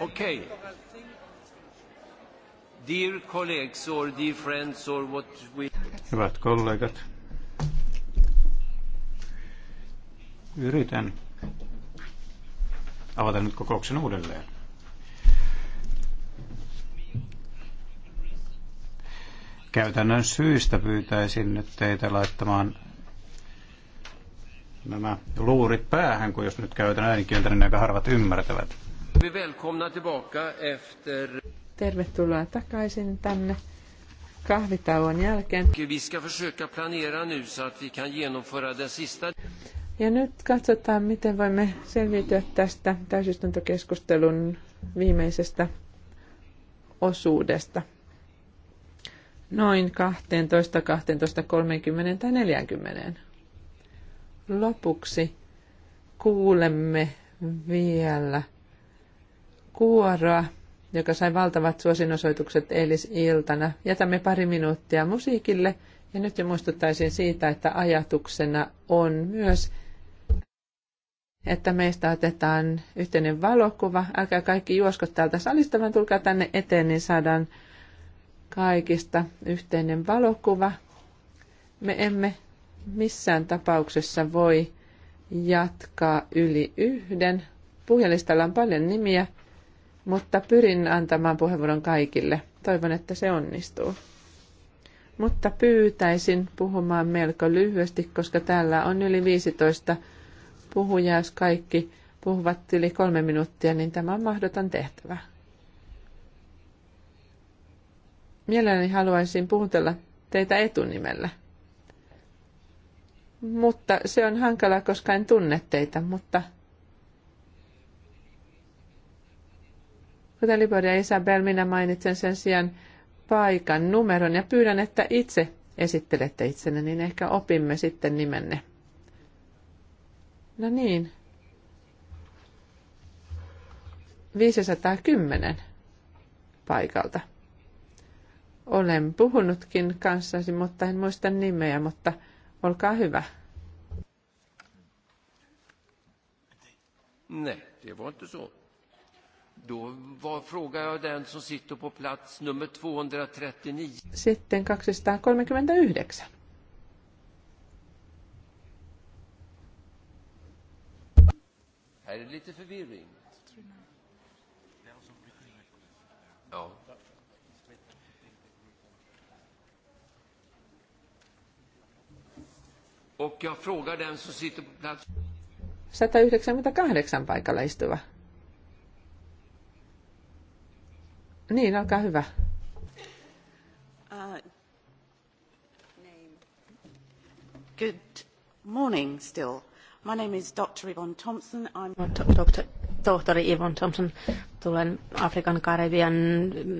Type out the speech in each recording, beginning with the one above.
Okay. Dear colleagues or dear friends or what we... Hyvät kollegat, yritän avata nyt kokouksen uudelleen. Käytännön syistä pyytäisin nyt teitä laittamaan nämä luurit päähän, kun jos nyt käytän äänikieltä, niin aika harvat ymmärtävät. Vi välkomna tillbaka efter... Tervetuloa takaisin tänne kahvitauon jälkeen. Vi ska försöka planera nu så att vi kan genomföra den sista. Ja nyt katsotaan, miten voimme selviytyä tästä täysistuntokeskustelun viimeisestä osuudesta. Noin 12, 12, 30 tai 40. Lopuksi kuulemme vielä kuoroa, joka sai valtavat suosinosoitukset eilisiltana. Jätämme pari minuuttia musiikille ja nyt jo muistuttaisin siitä, että ajatuksena on myös, että meistä otetaan yhteinen valokuva. Älkää kaikki juosko täältä salista, vaan tulkaa tänne eteen, niin saadaan kaikista yhteinen valokuva. Me emme missään tapauksessa voi jatkaa yli yhden. Puhelistalla on paljon nimiä mutta pyrin antamaan puheenvuoron kaikille. Toivon, että se onnistuu. Mutta pyytäisin puhumaan melko lyhyesti, koska täällä on yli 15 puhujaa, jos kaikki puhuvat yli kolme minuuttia, niin tämä on mahdoton tehtävä. Mielelläni haluaisin puhutella teitä etunimellä. Mutta se on hankala, koska en tunne teitä, mutta – Kuten Libori ja Isabel, minä mainitsen sen sijaan paikan numeron ja pyydän, että itse esittelette itsenne, niin ehkä opimme sitten nimenne. No niin. 510 paikalta. Olen puhunutkin kanssasi, mutta en muista nimeä, mutta olkaa hyvä. Ne, te voitte inte 239. Sitten 239. Här är lite förvirring. Ja. Och jag frågar den som sitter på plats... 198 paikalla istuva. Niin, olkaa hyvä. Uh, good morning still. My name is Dr. Yvonne Thompson. I'm Dr. Tohtori Yvonne Thompson. Tulen Afrikan Karibian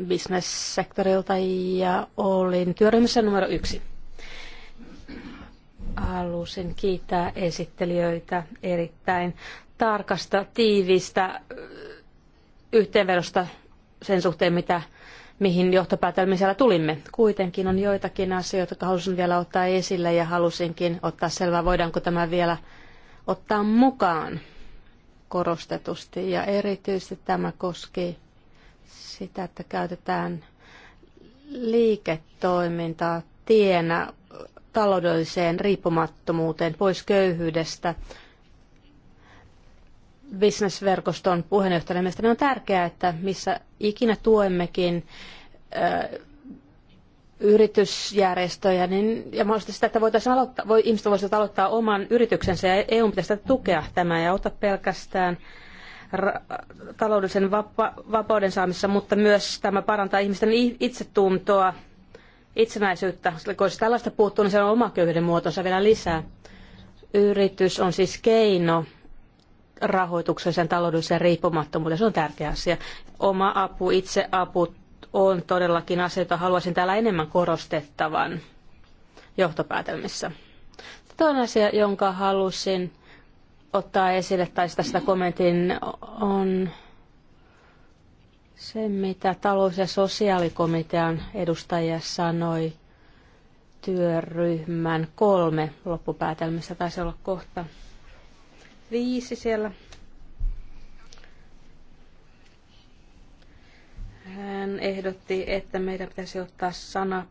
bisnessektorilta ja olin työryhmässä numero yksi. Halusin kiittää esittelijöitä erittäin tarkasta, tiivistä yhteenvedosta sen suhteen, mitä, mihin johtopäätelmiin siellä tulimme. Kuitenkin on joitakin asioita, jotka halusin vielä ottaa esille ja halusinkin ottaa selvää, voidaanko tämä vielä ottaa mukaan korostetusti. Ja erityisesti tämä koski sitä, että käytetään liiketoimintaa tienä taloudelliseen riippumattomuuteen pois köyhyydestä – bisnesverkoston puheenjohtajana. Mielestäni on tärkeää, että missä ikinä tuemmekin yritysjärjestöjä, niin, ja mahdollisesti sitä, että voitaisiin aloittaa, voi, ihmiset voisivat aloittaa oman yrityksensä, ja EU pitäisi sitä tukea tämä, ja ota pelkästään ra- taloudellisen vapa- vapauden saamisessa, mutta myös tämä parantaa ihmisten itsetuntoa, itsenäisyyttä, sillä kun jos tällaista puuttuu, niin se on oma köyhyyden muotonsa vielä lisää. Yritys on siis keino sen taloudellisen riippumattomuuden. Se on tärkeä asia. Oma apu, itse apu on todellakin asia, jota haluaisin täällä enemmän korostettavan johtopäätelmissä. Toinen asia, jonka halusin ottaa esille tai tästä kommentin on se, mitä talous- ja sosiaalikomitean edustajia sanoi työryhmän kolme loppupäätelmissä. taisi olla kohta viisi siellä. Hän ehdotti, että meidän pitäisi ottaa sana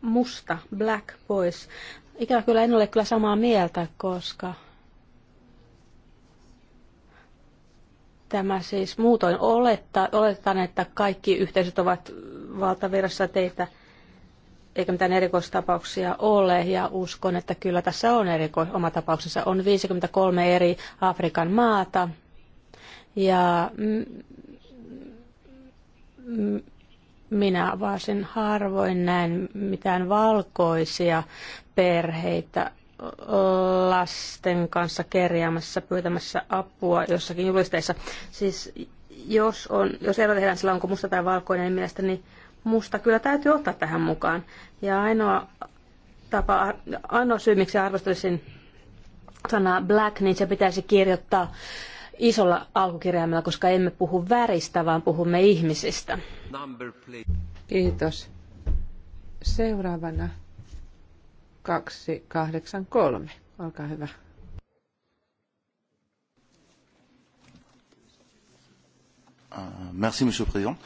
musta, black, pois. Ikävä kyllä en ole kyllä samaa mieltä, koska tämä siis muutoin olettaa, oletetaan, että kaikki yhteisöt ovat valtavirassa teitä – eikä mitään erikoistapauksia ole, ja uskon, että kyllä tässä on eriko, oma tapauksensa. On 53 eri Afrikan maata, ja minä varsin harvoin näen mitään valkoisia perheitä lasten kanssa kerjäämässä, pyytämässä apua jossakin julisteissa. Siis jos, on, jos ero tehdään sillä, onko musta tai valkoinen, niin mielestäni niin musta kyllä täytyy ottaa tähän mukaan. Ja ainoa tapa, ainoa syy, miksi arvostelisin sanaa black, niin se pitäisi kirjoittaa isolla alkukirjaimella, koska emme puhu väristä, vaan puhumme ihmisistä. Kiitos. Seuraavana 283. Olkaa hyvä. Euh, merci, monsieur le président.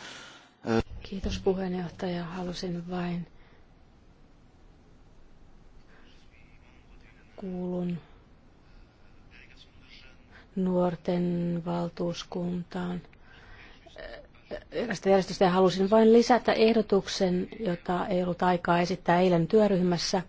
Kiitos puheenjohtaja. Halusin vain kuulun nuorten valtuuskuntaan erästä järjestöstä ja halusin vain lisätä ehdotuksen, jota ei ollut aikaa esittää eilen työryhmässä.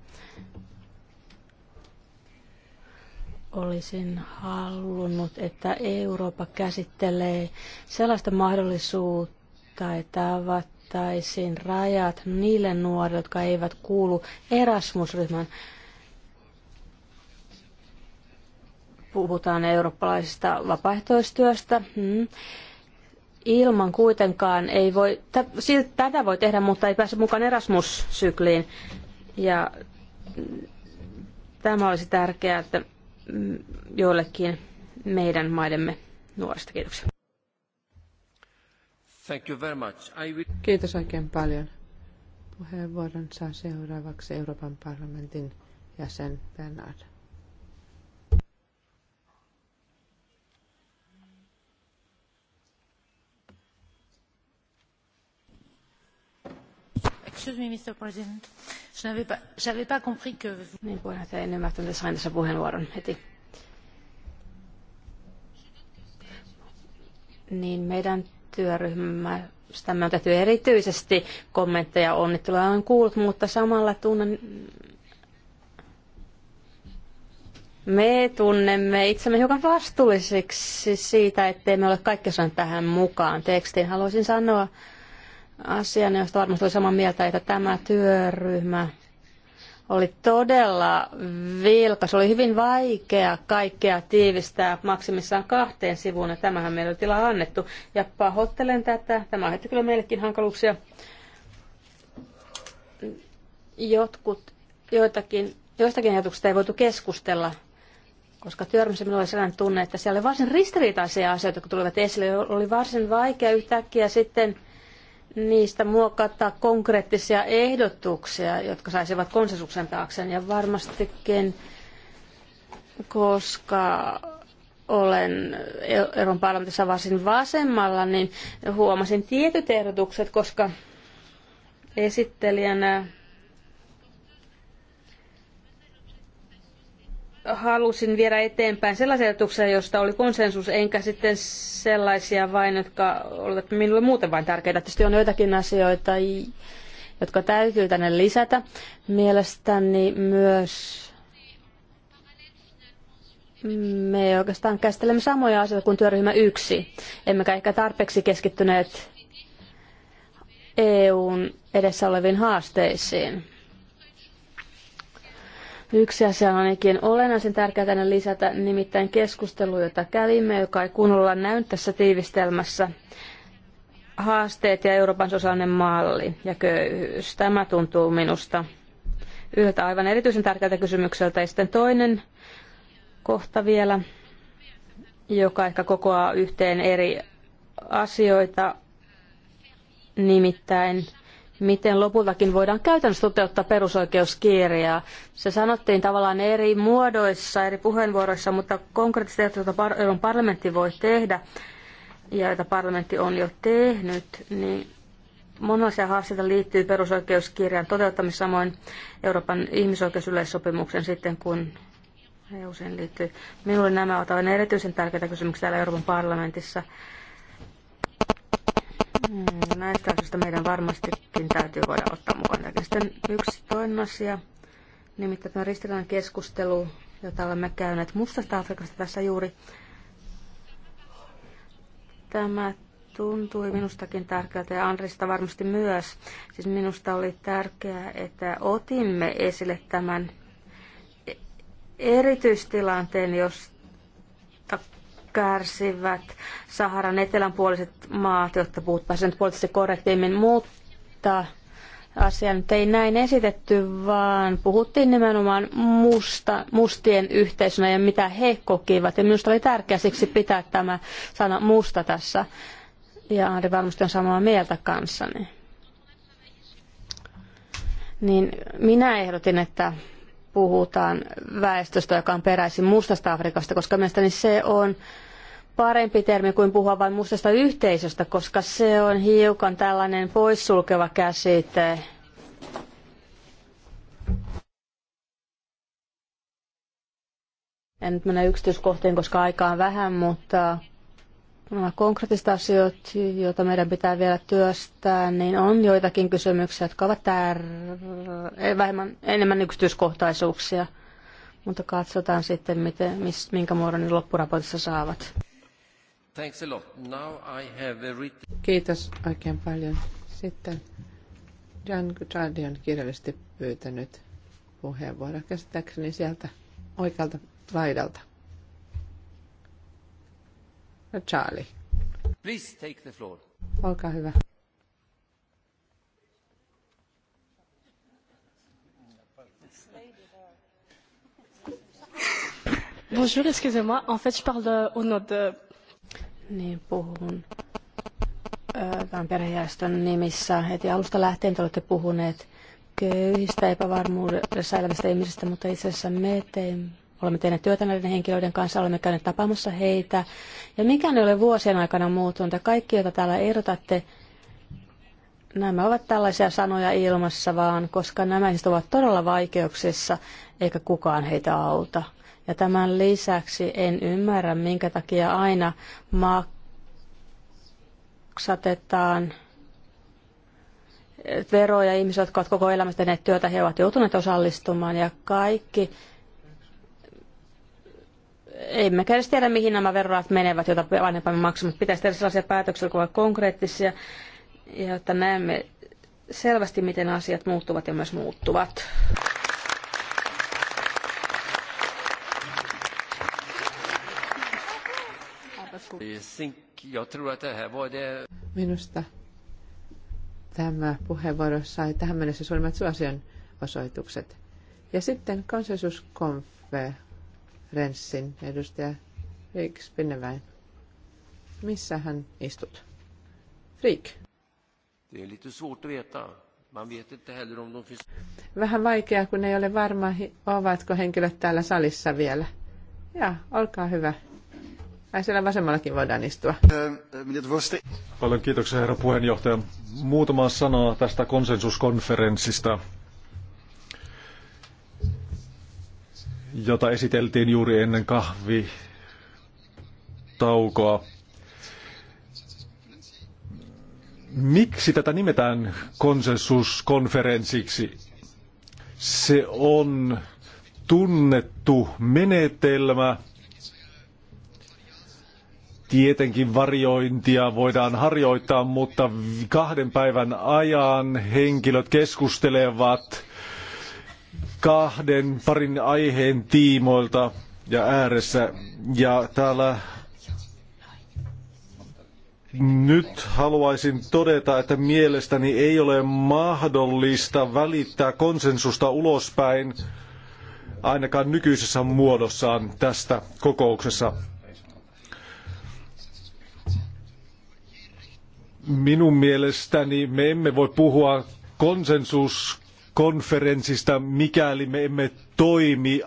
Olisin halunnut, että Eurooppa käsittelee sellaista mahdollisuutta, tai tavattaisiin rajat niille nuorille, jotka eivät kuulu Erasmus-ryhmän. Puhutaan eurooppalaisesta vapaaehtoistyöstä. Hmm. ilman kuitenkaan ei voi, tätä voi tehdä, mutta ei pääse mukaan Erasmus-sykliin. Ja tämä olisi tärkeää, että mm, joillekin meidän maidemme nuorista. Kiitoksia. Thank you very much. I will... Kiitos oikein paljon. Puheenvuoron saa seuraavaksi Euroopan parlamentin jäsen Bernard. Niin puheenjohtaja, en ymmärtänyt, että sain tässä puheenvuoron heti. Niin meidän työryhmästämme on tehty erityisesti kommentteja, onnitteluja olen kuullut, mutta samalla tunnen me tunnemme itsemme hiukan vastuullisiksi siitä, ettei me ole kaikki saaneet tähän mukaan tekstiin. Haluaisin sanoa asian, josta varmasti olen samaa mieltä, että tämä työryhmä oli todella vilkas. Oli hyvin vaikea kaikkea tiivistää maksimissaan kahteen sivuun, ja tämähän meillä oli tilaa annettu. Ja pahoittelen tätä. Tämä aiheutti kyllä meillekin hankaluuksia. Jotkut, joitakin, joistakin ajatuksista ei voitu keskustella, koska työryhmässä minulla oli sellainen tunne, että siellä oli varsin ristiriitaisia asioita, kun tulivat esille. Oli varsin vaikea yhtäkkiä sitten niistä muokata konkreettisia ehdotuksia, jotka saisivat konsensuksen taakse. Ja varmastikin, koska olen e- Euroopan parlamentissa varsin vasemmalla, niin huomasin tietyt ehdotukset, koska esittelijänä halusin viedä eteenpäin sellaisia ajatuksia, joista oli konsensus, enkä sitten sellaisia vain, jotka olivat minulle muuten vain tärkeitä. Tietysti on joitakin asioita, jotka täytyy tänne lisätä. Mielestäni myös me oikeastaan käsittelemme samoja asioita kuin työryhmä yksi, emmekä ehkä tarpeeksi keskittyneet EUn edessä oleviin haasteisiin. Yksi asia on ainakin olennaisen tärkeää tänne lisätä, nimittäin keskustelu, jota kävimme, joka ei kunnolla näy tässä tiivistelmässä. Haasteet ja Euroopan sosiaalinen malli ja köyhyys. Tämä tuntuu minusta yhdeltä aivan erityisen tärkeältä kysymykseltä. Ja sitten toinen kohta vielä, joka ehkä kokoaa yhteen eri asioita, nimittäin miten lopultakin voidaan käytännössä toteuttaa perusoikeuskirjaa. Se sanottiin tavallaan eri muodoissa, eri puheenvuoroissa, mutta konkreettisesti, joita Euroopan parlamentti voi tehdä ja joita parlamentti on jo tehnyt, niin monenlaisia haasteita liittyy perusoikeuskirjan toteuttamiseen samoin Euroopan ihmisoikeusyleissopimuksen sitten, kun EU sen liittyy. Minulle nämä ovat aivan erityisen tärkeitä kysymyksiä täällä Euroopan parlamentissa. Mm, näistä asioista meidän varmastikin täytyy voida ottaa mukaan. Sitten yksi toinen asia, nimittäin tämä ristiriidan keskustelu, jota olemme käyneet Mustasta Afrikasta tässä juuri. Tämä tuntui minustakin tärkeältä ja Andrista varmasti myös. Siis minusta oli tärkeää, että otimme esille tämän e- erityistilanteen, josta kärsivät Saharan etelänpuoliset maat, jotta puhuttaisiin nyt poliittisesti korrektiimmin, mutta asia nyt ei näin esitetty, vaan puhuttiin nimenomaan musta, mustien yhteisönä ja mitä he kokivat. Ja minusta oli tärkeää siksi pitää tämä sana musta tässä. Ja Ari varmasti on samaa mieltä kanssani. Niin minä ehdotin, että puhutaan väestöstä, joka on peräisin mustasta Afrikasta, koska mielestäni se on parempi termi kuin puhua vain mustasta yhteisöstä, koska se on hiukan tällainen poissulkeva käsite. En nyt mene yksityiskohtiin, koska aikaa on vähän, mutta nämä konkreettiset asiat, joita meidän pitää vielä työstää, niin on joitakin kysymyksiä, jotka ovat tär- eh, vähemmän, enemmän yksityiskohtaisuuksia. Mutta katsotaan sitten, miten, minkä muodon loppuraportissa saavat. Thanks a lot. Now I have uh, written... Kiitos oikein paljon. Sitten Jan Gutardi on kirjallisesti pyytänyt puheenvuoroa käsittääkseni sieltä oikealta laidalta. No, Charlie. Please take the floor. Olkaa hyvä. Bonjour, excusez-moi. En fait, je parle au nom de niin puhun äh, tämän perhejärjestön nimissä. Heti alusta lähtien te olette puhuneet köyhistä, epävarmuudessa elävistä ihmisistä, mutta itse asiassa me tein, Olemme tehneet työtä näiden henkilöiden kanssa, olemme käyneet tapaamassa heitä. Ja mikä ei ole vuosien aikana muuttunut. Ja kaikki, joita täällä ehdotatte, nämä ovat tällaisia sanoja ilmassa vaan, koska nämä ihmiset ovat todella vaikeuksissa, eikä kukaan heitä auta. Ja tämän lisäksi en ymmärrä, minkä takia aina maksatetaan veroja ihmisiä, jotka ovat koko elämästä tehneet työtä, he ovat joutuneet osallistumaan ja kaikki. Emme edes tiedä, mihin nämä verorat menevät, joita vanhempamme maksamme. Pitäisi tehdä sellaisia päätöksiä, jotka ovat konkreettisia, jotta näemme selvästi, miten asiat muuttuvat ja myös muuttuvat. Minusta tämä puheenvuoro sai tähän mennessä suurimmat suosion osoitukset. Ja sitten konsensuskonferenssin edustaja Riik Spinneväin. Missä hän istut? Riik. Vähän vaikeaa, kun ei ole varma, ovatko henkilöt täällä salissa vielä. Ja, olkaa hyvä. Ai siellä vasemmallakin voidaan istua. Paljon kiitoksia herra puheenjohtaja. Muutama sana tästä konsensuskonferenssista, jota esiteltiin juuri ennen kahvitaukoa. Miksi tätä nimetään konsensuskonferenssiksi? Se on tunnettu menetelmä, Tietenkin varjointia voidaan harjoittaa, mutta kahden päivän ajan henkilöt keskustelevat kahden parin aiheen tiimoilta ja ääressä. Ja täällä nyt haluaisin todeta, että mielestäni ei ole mahdollista välittää konsensusta ulospäin ainakaan nykyisessä muodossaan tästä kokouksessa. Minun mielestäni me emme voi puhua konsensuskonferenssista, mikäli me emme toimi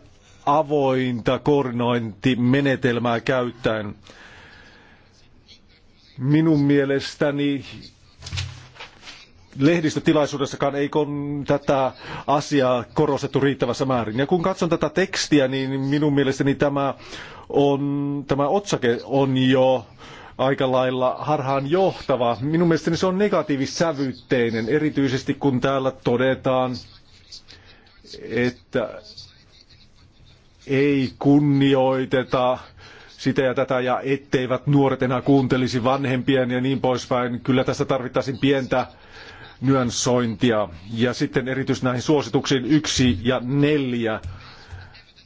avointa koordinointimenetelmää käyttäen. Minun mielestäni lehdistötilaisuudessakaan ei kon tätä asiaa korostettu riittävässä määrin. Ja kun katson tätä tekstiä, niin minun mielestäni tämä, on, tämä otsake on jo äh, aika lailla harhaan johtava. Minun mielestäni se on negatiivissävytteinen, erityisesti kun täällä todetaan, että ei kunnioiteta sitä ja tätä ja etteivät nuoret enää kuuntelisi vanhempien ja niin poispäin. Kyllä tässä tarvittaisiin pientä nyansointia. Ja sitten erityisesti näihin suosituksiin yksi ja neljä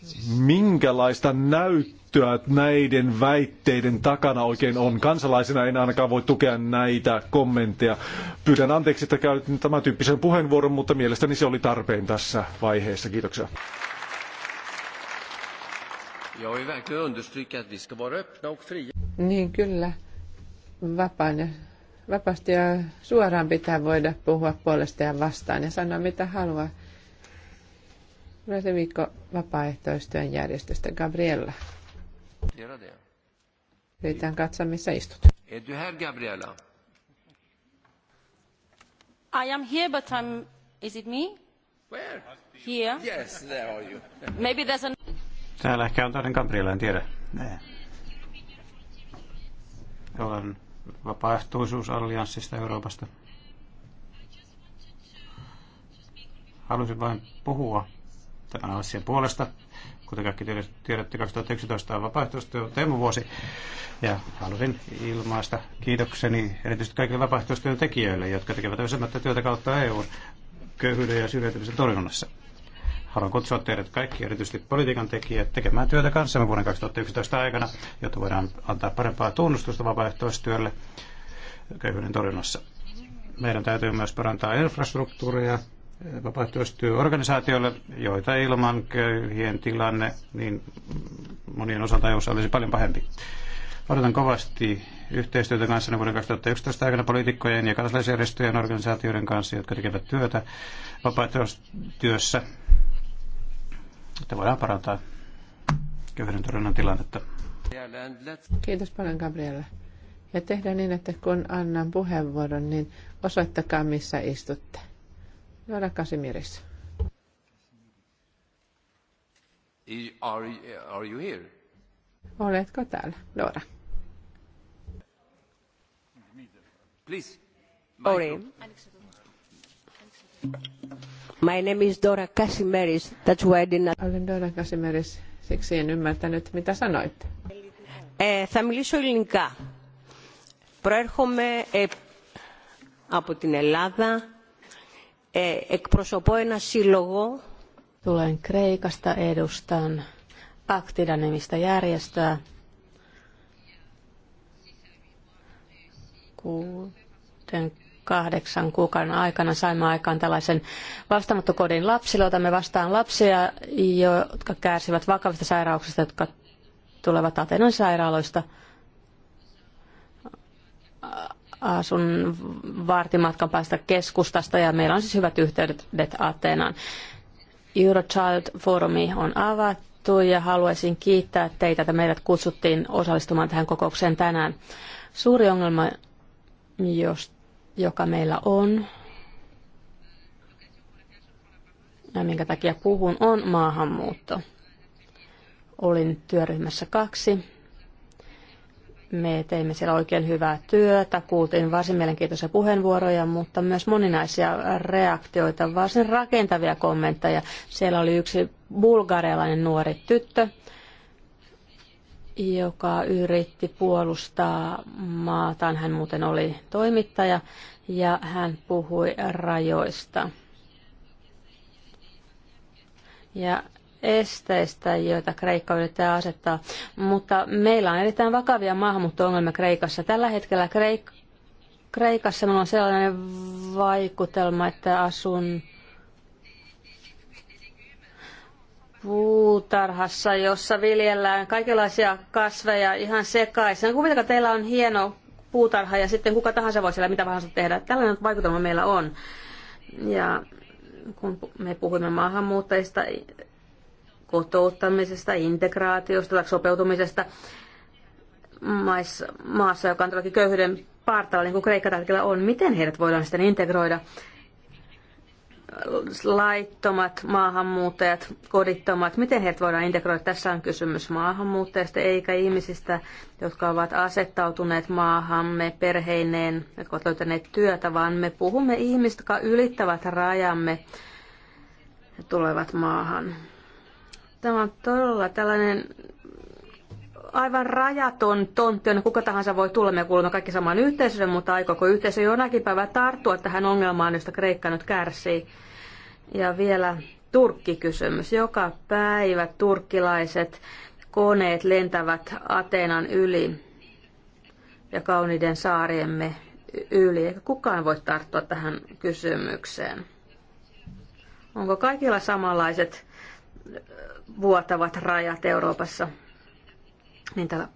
Siis- minkälaista näyttöä näiden väitteiden takana oikein on. Kansalaisena en ainakaan voi tukea näitä kommentteja. Pyydän anteeksi, että käytin tämän tyyppisen puheenvuoron, mutta mielestäni se oli tarpeen tässä vaiheessa. Kiitoksia. Niin kyllä, vapaana. Vapaasti ja suoraan pitää voida puhua puolesta ja vastaan ja sanoa mitä haluaa Naisten viikko vapaaehtoistyön järjestöstä Gabriella. Yritän katsoa, missä istut. Är du här, Gabriella? I am here, but I'm... Is it me? Where? Here. Yes, there are you. Maybe there's an... Täällä ehkä on toinen Gabriella, en tiedä. Nee. Olen vapaaehtoisuusallianssista Euroopasta. Halusin vain puhua tämän asian puolesta. Kuten kaikki tiedätte, 2011 on vapaaehtoistyön teemavuosi ja halusin ilmaista kiitokseni erityisesti kaikille vapaaehtoistyön tekijöille, jotka tekevät yhdessä työtä kautta EUn köyhyyden ja syrjäytymisen torjunnassa. Haluan kutsua teidät kaikki, erityisesti politiikan tekijät, tekemään työtä kanssamme vuoden 2011 aikana, jotta voidaan antaa parempaa tunnustusta vapaaehtoistyölle köyhyyden torjunnassa. Meidän täytyy myös parantaa infrastruktuuria vapaaehtoistyöorganisaatioille, joita ilman köyhien tilanne niin monien osalta eu olisi paljon pahempi. Odotan kovasti yhteistyötä kanssa vuoden 2011 aikana poliitikkojen ja kansalaisjärjestöjen organisaatioiden kanssa, jotka tekevät työtä vapaaehtoistyössä, että voidaan parantaa köyhyyden torjunnan tilannetta. Kiitos paljon Gabrielle. Ja tehdään niin, että kun annan puheenvuoron, niin osoittakaa missä istutte. Laura Casimiris. Are, are you here? Oletko täällä, Laura? Please. Sorry. My name is Dora Kasimeris. That's why I did not... Olen Dora Kasimeris. Siksi en ymmärtänyt, mitä sanoit. Ε, θα μιλήσω ελληνικά. Προέρχομαι ε, από την Ελλάδα εκπροσωπώ ένα σύλλογο. Tulen Kreikasta, edustan Aktida-nimistä järjestöä. Kuuden kahdeksan kuukauden aikana saimme aikaan tällaisen vastaanottokodin lapsille. Otamme vastaan lapsia, jotka kärsivät vakavista sairauksista, jotka tulevat Atenan sairaaloista asun vartimatkan päästä keskustasta ja meillä on siis hyvät yhteydet Ateenaan. Eurochild-foorumi on avattu ja haluaisin kiittää teitä, että meidät kutsuttiin osallistumaan tähän kokoukseen tänään. Suuri ongelma, jos, joka meillä on, ja minkä takia puhun, on maahanmuutto. Olin työryhmässä kaksi me teimme siellä oikein hyvää työtä, kuultiin varsin mielenkiintoisia puheenvuoroja, mutta myös moninaisia reaktioita, varsin rakentavia kommentteja. Siellä oli yksi bulgarialainen nuori tyttö, joka yritti puolustaa maataan. Hän muuten oli toimittaja ja hän puhui rajoista. Ja esteistä, joita Kreikka yrittää asettaa. Mutta meillä on erittäin vakavia maahanmuutto-ongelmia Kreikassa. Tällä hetkellä Kreik- Kreikassa minulla on sellainen vaikutelma, että asun puutarhassa, jossa viljellään kaikenlaisia kasveja ihan sekaisin. No, Kuvitelkaa, teillä on hieno puutarha ja sitten kuka tahansa voi siellä mitä tahansa tehdä. Tällainen vaikutelma meillä on. Ja kun me puhuimme maahanmuuttajista, kotouttamisesta, integraatiosta tai sopeutumisesta maassa, joka on todellakin köyhyyden partaalla, niin kuin Kreikka tällä hetkellä on. Miten heidät voidaan sitten integroida? laittomat maahanmuuttajat, kodittomat, miten heidät voidaan integroida? Tässä on kysymys maahanmuuttajista eikä ihmisistä, jotka ovat asettautuneet maahamme perheineen, jotka ovat löytäneet työtä, vaan me puhumme ihmistä, jotka ylittävät rajamme ja tulevat maahan. Tämä on todella tällainen aivan rajaton tontti, jonne kuka tahansa voi tulla. Me kuulemme kaikki samaan yhteisöön, mutta aikooko yhteisö jonakin päivänä tarttua tähän ongelmaan, josta Kreikka nyt kärsii? Ja vielä Turkki-kysymys. Joka päivä turkkilaiset koneet lentävät Ateenan yli ja kauniiden saariemme yli, eikä kukaan voi tarttua tähän kysymykseen. Onko kaikilla samanlaiset vuotavat rajat Euroopassa. Niin tällä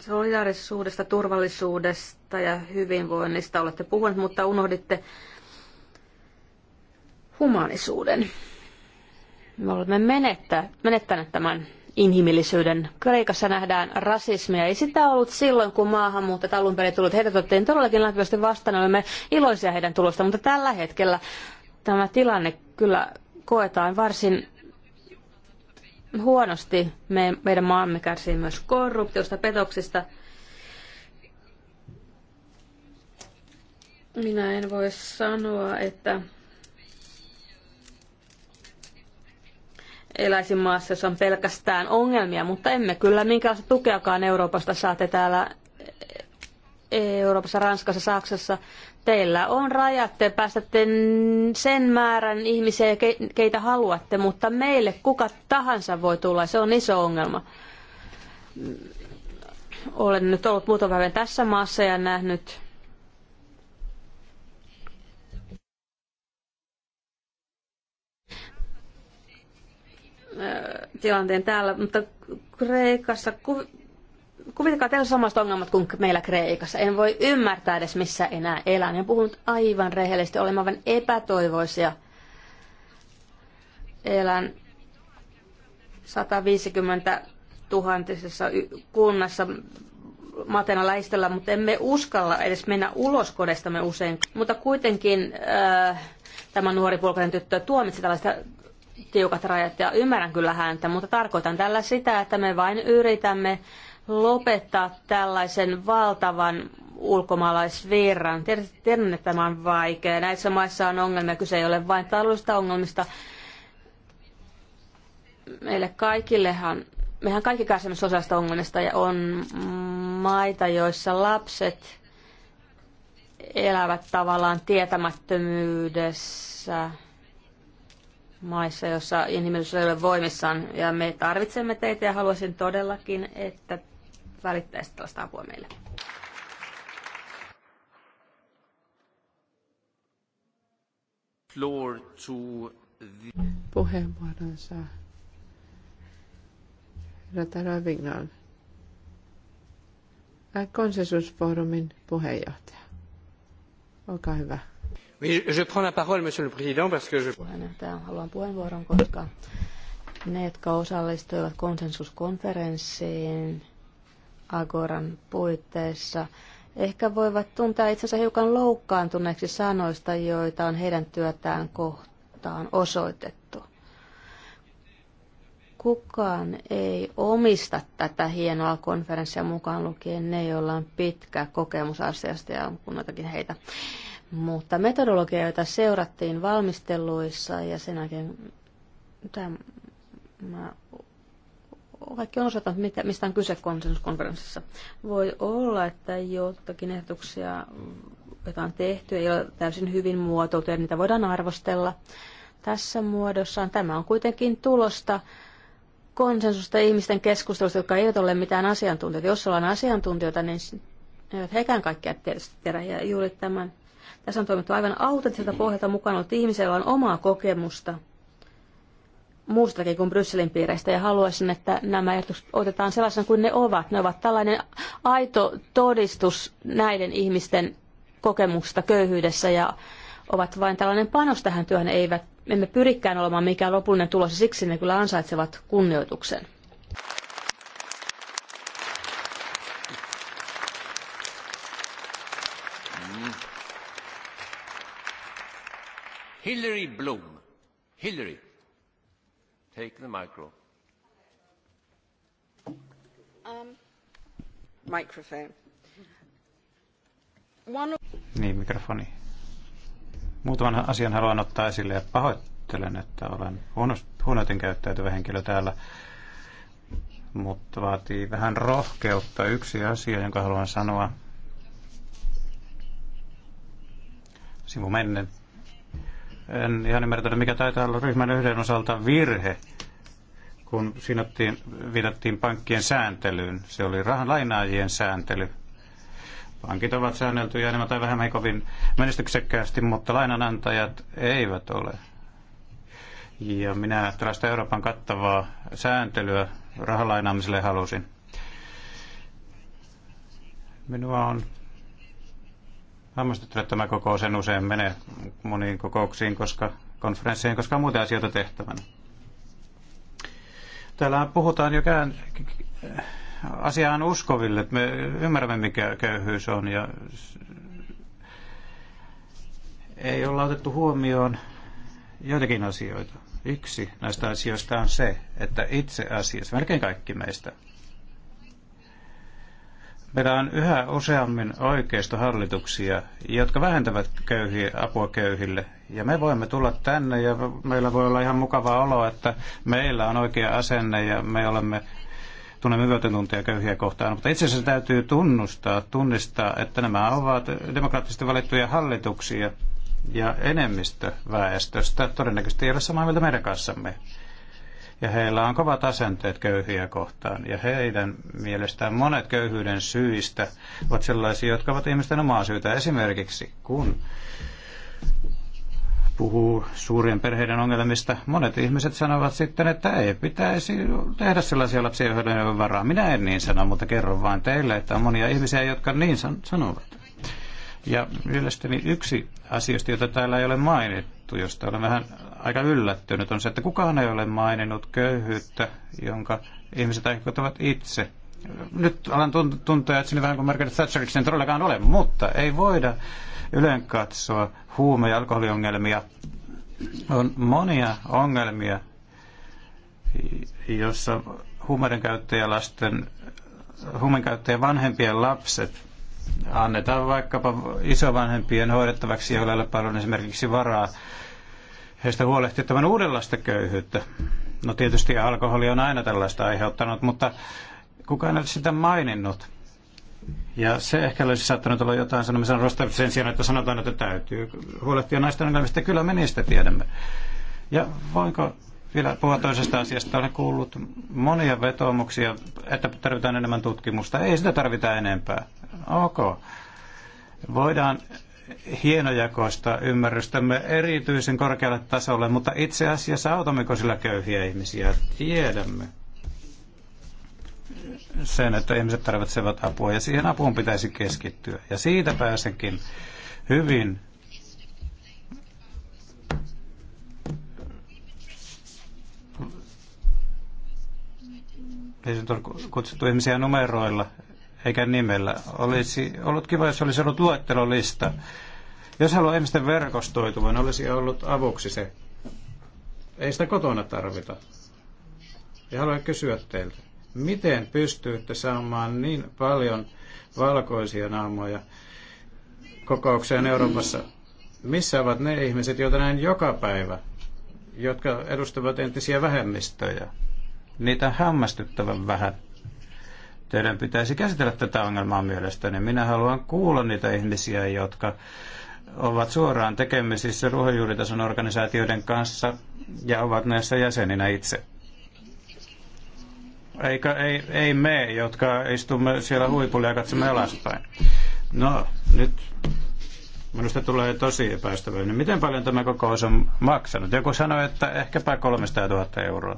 solidaarisuudesta, turvallisuudesta ja hyvinvoinnista olette puhuneet, mutta unohditte humanisuuden. Me olemme menettäneet tämän inhimillisyyden. Kreikassa nähdään rasismia. Ei sitä ollut silloin, kun maahanmuuttajat alun perin tullut. Heitä otettiin todellakin lämpimästi vastaan. Olemme iloisia heidän tulosta, mutta tällä hetkellä tämä tilanne kyllä koetaan varsin huonosti. Me, meidän maamme kärsii myös korruptiosta, petoksista. Minä en voi sanoa, että eläisin maassa, jossa on pelkästään ongelmia, mutta emme kyllä minkäänlaista tukeakaan Euroopasta saatte täällä Euroopassa, Ranskassa, Saksassa Teillä on rajat, te päästätte sen määrän ihmisiä, keitä haluatte, mutta meille kuka tahansa voi tulla, se on iso ongelma. Olen nyt ollut muutaman päivän tässä maassa ja nähnyt tilanteen täällä, mutta Kreikassa Kuvitelkaa teillä samat ongelmat kuin meillä Kreikassa. En voi ymmärtää edes, missä enää elän. En puhunut aivan rehellisesti, olemme aivan epätoivoisia. Elän 150 tuhantisessa kunnassa Matena lähistöllä, mutta emme uskalla edes mennä ulos kodestamme usein. Mutta kuitenkin äh, tämä nuori polkainen tyttö tuomitsi tällaista tiukat rajat ja ymmärrän kyllä häntä, mutta tarkoitan tällä sitä, että me vain yritämme äh, lopettaa tällaisen valtavan ulkomaalaisvirran. Tiedän, että tämä on vaikea. Näissä maissa on ongelmia. Kyse ei ole vain taloudellisista ongelmista. Meille kaikillehan, mehän kaikki kärsimme sosiaalista ongelmista ja on maita, joissa lapset elävät tavallaan tietämättömyydessä maissa, jossa inhimillisyys ei ole voimissaan. Ja me tarvitsemme teitä ja haluaisin todellakin, että välittäisi tällaista apua meille. Floor to the... Puheenvuoronsa. Ratara Vignal, äh, konsensusfoorumin puheenjohtaja. Olkaa hyvä. je prends la parole, monsieur le président, parce que je... Puheenjohtaja, haluan puheenvuoron, koska ne, jotka osallistuivat konsensuskonferenssiin Agoran puitteissa ehkä voivat tuntea itsensä hiukan loukkaantuneeksi sanoista, joita on heidän työtään kohtaan osoitettu. Kukaan ei omista tätä hienoa konferenssia mukaan lukien ne, joilla on pitkä kokemus asiasta ja on kunnotakin heitä. Mutta metodologia, jota seurattiin valmisteluissa ja sen jälkeen tämä kaikki on osata, mistä on kyse konsensuskonferenssissa. Voi olla, että jotakin ehdotuksia, joita on tehty, ei ole täysin hyvin muotoiltu ja niitä voidaan arvostella tässä muodossaan. Tämä on kuitenkin tulosta konsensusta ihmisten keskustelusta, jotka eivät ole mitään asiantuntijoita. Jos ollaan asiantuntijoita, niin eivät hekään kaikkia tietysti tiedä. Ja juuri tämän, tässä on toimittu aivan autenttiselta pohjalta mukana, että ihmisellä on omaa kokemusta – muustakin kuin Brysselin piireistä ja haluaisin, että nämä ehdotukset otetaan sellaisena kuin ne ovat. Ne ovat tällainen aito todistus näiden ihmisten kokemuksesta köyhyydessä ja ovat vain tällainen panos tähän työhön, eivät, emme pyrikään olemaan mikään lopullinen tulos ja siksi ne kyllä ansaitsevat kunnioituksen. Hillary Bloom. Hillary Take the micro. Um, microphone. One... Niin, mikrofoni. Muutaman asian haluan ottaa esille ja pahoittelen, että olen huonoiten käyttäytyvä henkilö täällä, mutta vaatii vähän rohkeutta. Yksi asia, jonka haluan sanoa sivu mennen, en ihan ymmärtänyt, mikä taitaa olla ryhmän yhden osalta virhe, kun sinottiin, viitattiin pankkien sääntelyyn. Se oli rahan lainaajien sääntely. Pankit ovat säänneltyjä enemmän tai vähemmän kovin menestyksekkäästi, mutta lainanantajat eivät ole. Ja minä tällaista Euroopan kattavaa sääntelyä rahalainaamiselle halusin. Minua on Mä että tämä kokous en usein mene moniin kokouksiin, koska konferenssiin, koska on muita asioita tehtävänä. Täällä puhutaan jo kään, asiaan uskoville, että me ymmärrämme, mikä köyhyys on ja ei olla otettu huomioon joitakin asioita. Yksi näistä asioista on se, että itse asiassa, melkein kaikki meistä, Meillä on yhä useammin oikeistohallituksia, jotka vähentävät köyhiä, apua köyhille. Ja me voimme tulla tänne ja meillä voi olla ihan mukava olo, että meillä on oikea asenne ja me olemme tunnemme myötätuntoja köyhiä kohtaan. Mutta itse asiassa täytyy tunnustaa, tunnistaa, että nämä ovat demokraattisesti valittuja hallituksia ja enemmistö väestöstä todennäköisesti ei ole samaa mieltä meidän kanssamme ja heillä on kovat asenteet köyhiä kohtaan. Ja heidän mielestään monet köyhyyden syistä ovat sellaisia, jotka ovat ihmisten omaa syytä. Esimerkiksi kun puhuu suurien perheiden ongelmista, monet ihmiset sanovat sitten, että ei pitäisi tehdä sellaisia lapsia, joiden varaa. Minä en niin sano, mutta kerron vain teille, että on monia ihmisiä, jotka niin san- sanovat. Ja mielestäni yksi asioista, jota täällä ei ole mainittu, josta olen vähän aika yllättynyt, on se, että kukaan ei ole maininnut köyhyyttä, jonka ihmiset aiheuttavat itse. Nyt alan tuntea, että sinne vähän kuin Margaret Thatcher, en todellakaan ole, mutta ei voida yleen katsoa huume- ja alkoholiongelmia. On monia ongelmia, jossa huumeiden käyttäjä lasten, huumeiden käyttäjä vanhempien lapset – annetaan vaikkapa isovanhempien hoidettavaksi, joilla ei ole paljon esimerkiksi varaa. Heistä huolehtia tämän uudenlaista köyhyyttä. No tietysti alkoholi on aina tällaista aiheuttanut, mutta kukaan ei ole sitä maininnut. Ja se ehkä olisi saattanut olla jotain sanomisen arvosta sen sijaan, että sanotaan, että täytyy huolehtia naisten ongelmista. Kyllä me niistä tiedämme. Ja voinko vielä puhua toisesta asiasta. Olen kuullut monia vetoomuksia, että tarvitaan enemmän tutkimusta. Ei sitä tarvita enempää. Ok. Voidaan hienojakoista ymmärrystämme erityisen korkealle tasolle, mutta itse asiassa autammeko sillä köyhiä ihmisiä? Tiedämme sen, että ihmiset tarvitsevat apua ja siihen apuun pitäisi keskittyä. Ja siitä pääsenkin hyvin Ei se on kutsuttu ihmisiä numeroilla eikä nimellä. Olisi ollut kiva, jos olisi ollut luettelolista. Jos haluaa ihmisten verkostoituvan, olisi ollut avuksi se. Ei sitä kotona tarvita. Ja haluan kysyä teiltä, miten pystyitte saamaan niin paljon valkoisia naamoja kokoukseen Euroopassa? Missä ovat ne ihmiset, joita näen joka päivä, jotka edustavat entisiä vähemmistöjä? niitä on hämmästyttävän vähän. Teidän pitäisi käsitellä tätä ongelmaa mielestäni. Minä haluan kuulla niitä ihmisiä, jotka ovat suoraan tekemisissä ruohonjuuritason organisaatioiden kanssa ja ovat näissä jäseninä itse. Eikä, ei, ei me, jotka istumme siellä huipulla ja katsomme alaspäin. No, nyt minusta tulee tosi epäistävä. Miten paljon tämä kokous on maksanut? Joku sanoi, että ehkäpä 300 000 euroa.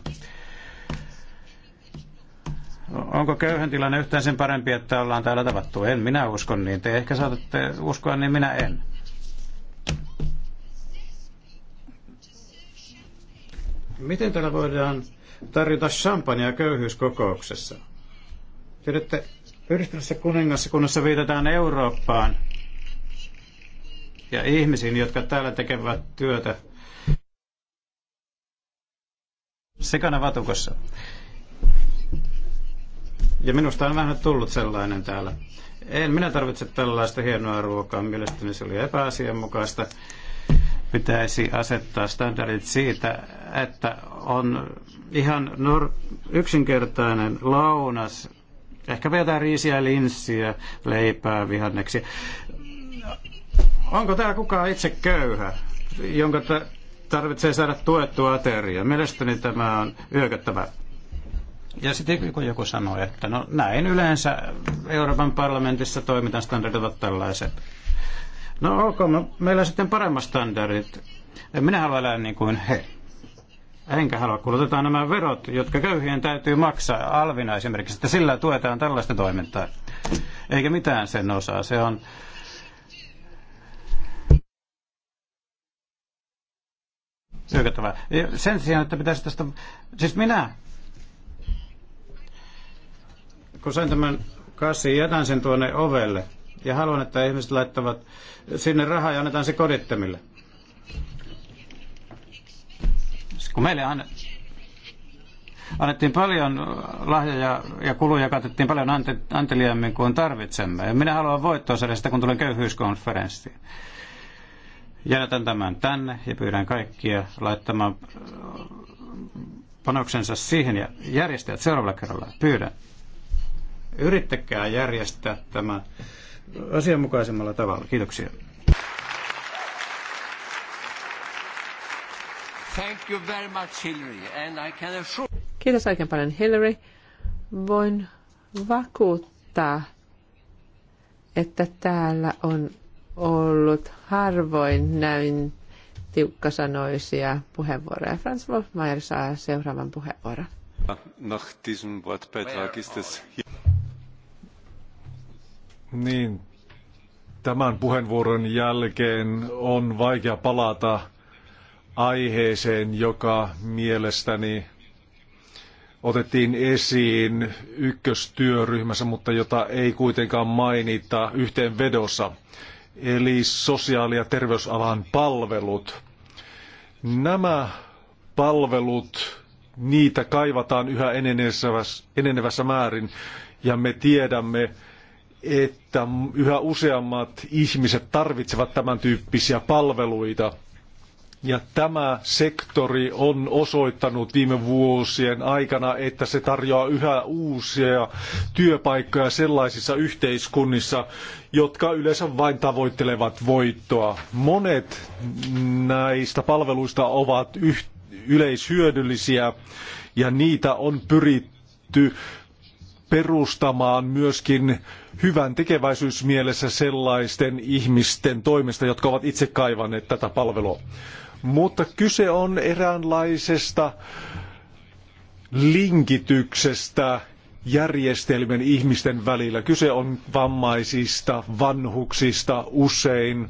Onko köyhän tilanne yhtään sen parempi, että ollaan täällä tavattu? En minä uskon niin. Te ehkä saatatte uskoa, niin minä en. Miten täällä voidaan tarjota champagnea köyhyyskokouksessa? Tiedätte, Yhdistyneessä kunnossa viitataan Eurooppaan ja ihmisiin, jotka täällä tekevät työtä sekana vatukossa. Ja minusta on vähän tullut sellainen täällä. En minä tarvitse tällaista hienoa ruokaa. Mielestäni se oli epäasianmukaista. Pitäisi asettaa standardit siitä, että on ihan nor- yksinkertainen launas, ehkä vielä riisiä, linssiä, leipää, vihanneksi. Onko täällä kukaan itse köyhä, jonka tarvitsee saada tuettua ateriaa? Mielestäni tämä on yököttävä. Ja sitten kun joku sanoi, että no näin yleensä Euroopan parlamentissa toimitaan standardit ovat tällaiset. No ok, no, meillä on sitten paremmat standardit. Minä haluan elää niin kuin he. Enkä halua, kulutetaan nämä verot, jotka köyhien täytyy maksaa alvina esimerkiksi, että sillä tuetaan tällaista toimintaa. Eikä mitään sen osaa. Se on, Sen sijaan, että pitäisi tästä, siis minä kun sain tämän kassin, jätän sen tuonne ovelle ja haluan, että ihmiset laittavat sinne rahaa ja annetaan se kodittomille. Kun meille annettiin paljon lahjoja ja kuluja katettiin paljon ante, anteliaammin kuin tarvitsemme. Ja minä haluan voittoa saada sitä, kun tulen köyhyyskonferenssiin. Jätän tämän tänne ja pyydän kaikkia laittamaan panoksensa siihen ja järjestäjät seuraavalla kerralla pyydän Yrittäkää järjestää tämä asianmukaisemmalla tavalla. Kiitoksia. Thank you very much, Hillary. And I can assure... Kiitos oikein paljon Hillary. Voin vakuuttaa, että täällä on ollut harvoin näin tiukkasanoisia puheenvuoroja. Franz Wolfmeier saa seuraavan puheenvuoron. Nach diesem Wortbeitrag ist es niin, tämän puheenvuoron jälkeen on vaikea palata aiheeseen, joka mielestäni otettiin esiin ykköstyöryhmässä, mutta jota ei kuitenkaan mainita yhteenvedossa, eli sosiaali- ja terveysalan palvelut. Nämä palvelut, niitä kaivataan yhä enenevässä määrin, ja me tiedämme, että yhä useammat ihmiset tarvitsevat tämän tyyppisiä palveluita. Ja tämä sektori on osoittanut viime vuosien aikana, että se tarjoaa yhä uusia työpaikkoja sellaisissa yhteiskunnissa, jotka yleensä vain tavoittelevat voittoa. Monet näistä palveluista ovat yleishyödyllisiä ja niitä on pyritty perustamaan myöskin hyvän tekeväisyysmielessä sellaisten ihmisten toimesta, jotka ovat itse kaivanneet tätä palvelua. Mutta kyse on eräänlaisesta linkityksestä järjestelmän ihmisten välillä. Kyse on vammaisista, vanhuksista, usein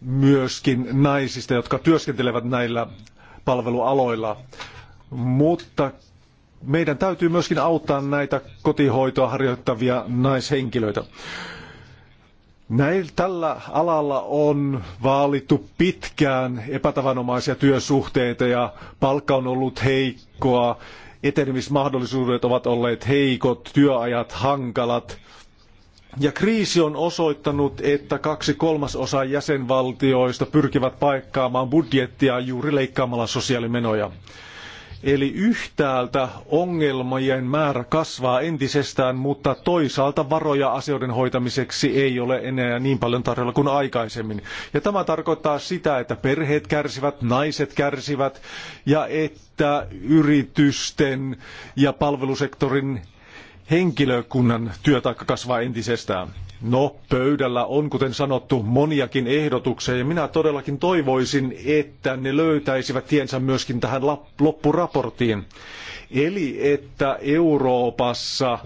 myöskin naisista, jotka työskentelevät näillä palvelualoilla. Mutta meidän täytyy myöskin auttaa näitä kotihoitoa harjoittavia naishenkilöitä. Näillä, tällä alalla on vaalittu pitkään epätavanomaisia työsuhteita ja palkka on ollut heikkoa, etenemismahdollisuudet ovat olleet heikot, työajat hankalat. Ja kriisi on osoittanut, että kaksi kolmasosaa jäsenvaltioista pyrkivät paikkaamaan budjettia juuri leikkaamalla sosiaalimenoja. Eli yhtäältä ongelmien määrä kasvaa entisestään, mutta toisaalta varoja asioiden hoitamiseksi ei ole enää niin paljon tarjolla kuin aikaisemmin. Ja tämä tarkoittaa sitä, että perheet kärsivät, naiset kärsivät ja että yritysten ja palvelusektorin henkilökunnan työtaakka kasvaa entisestään. No, pöydällä on, kuten sanottu, moniakin ehdotuksia ja minä todellakin toivoisin, että ne löytäisivät tiensä myöskin tähän loppuraporttiin. Eli että Euroopassa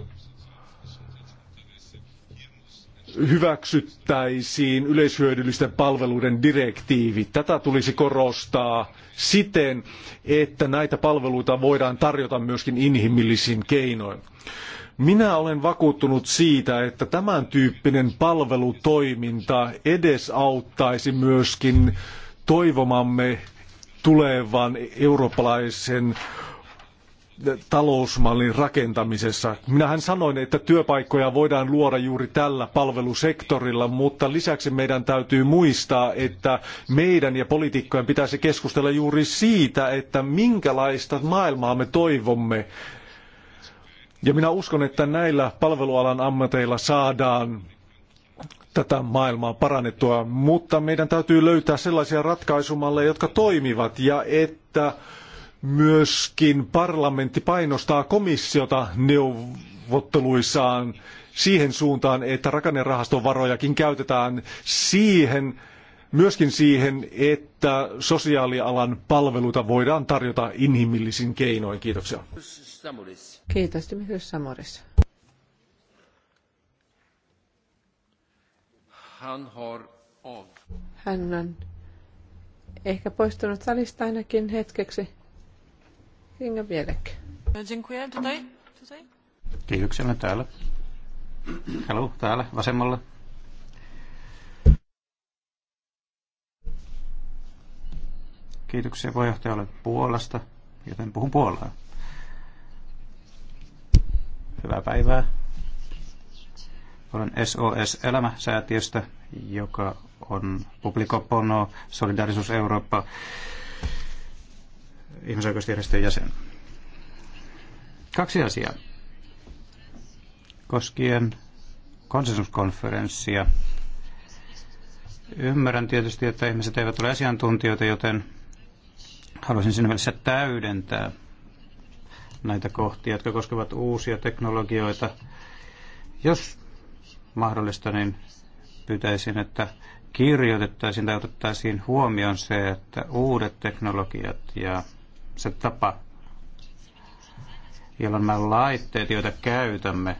hyväksyttäisiin yleishyödyllisten palveluiden direktiivi. Tätä tulisi korostaa siten, että näitä palveluita voidaan tarjota myöskin inhimillisin keinoin. Minä olen vakuuttunut siitä, että tämän tyyppinen palvelutoiminta edesauttaisi myöskin toivomamme tulevan eurooppalaisen talousmallin rakentamisessa. Minähän sanoin, että työpaikkoja voidaan luoda juuri tällä palvelusektorilla, mutta lisäksi meidän täytyy muistaa, että meidän ja poliitikkojen pitäisi keskustella juuri siitä, että minkälaista maailmaa me toivomme ja minä uskon, että näillä palvelualan ammateilla saadaan tätä maailmaa parannettua, mutta meidän täytyy löytää sellaisia ratkaisumalleja, jotka toimivat ja että myöskin parlamentti painostaa komissiota neuvotteluissaan siihen suuntaan, että rakennerahaston varojakin käytetään siihen, myöskin siihen, että sosiaalialan palveluita voidaan tarjota inhimillisin keinoin. Kiitoksia. Samulis. Kiitos, Dimitrios Samulis. Hän, har av. Hän on ehkä poistunut salista ainakin hetkeksi. Inga Bielek. Dziękuję. Tutaj? Tutaj? Kiitoksia, olen täällä. Hello, täällä vasemmalla. Kiitoksia puheenjohtajalle Puolasta, joten puhun Puolaa. Hyvää päivää. Olen SOS-elämä-säätiöstä, joka on Publikopono Solidarisuus Eurooppa ihmisoikeusjärjestön jäsen. Kaksi asiaa. Koskien konsensuskonferenssia. Ymmärrän tietysti, että ihmiset eivät ole asiantuntijoita, joten haluaisin sinne mielessä täydentää – näitä kohtia, jotka koskevat uusia teknologioita. Jos mahdollista, niin pyytäisin, että kirjoitettaisiin tai otettaisiin huomioon se, että uudet teknologiat ja se tapa, jolla nämä laitteet, joita käytämme,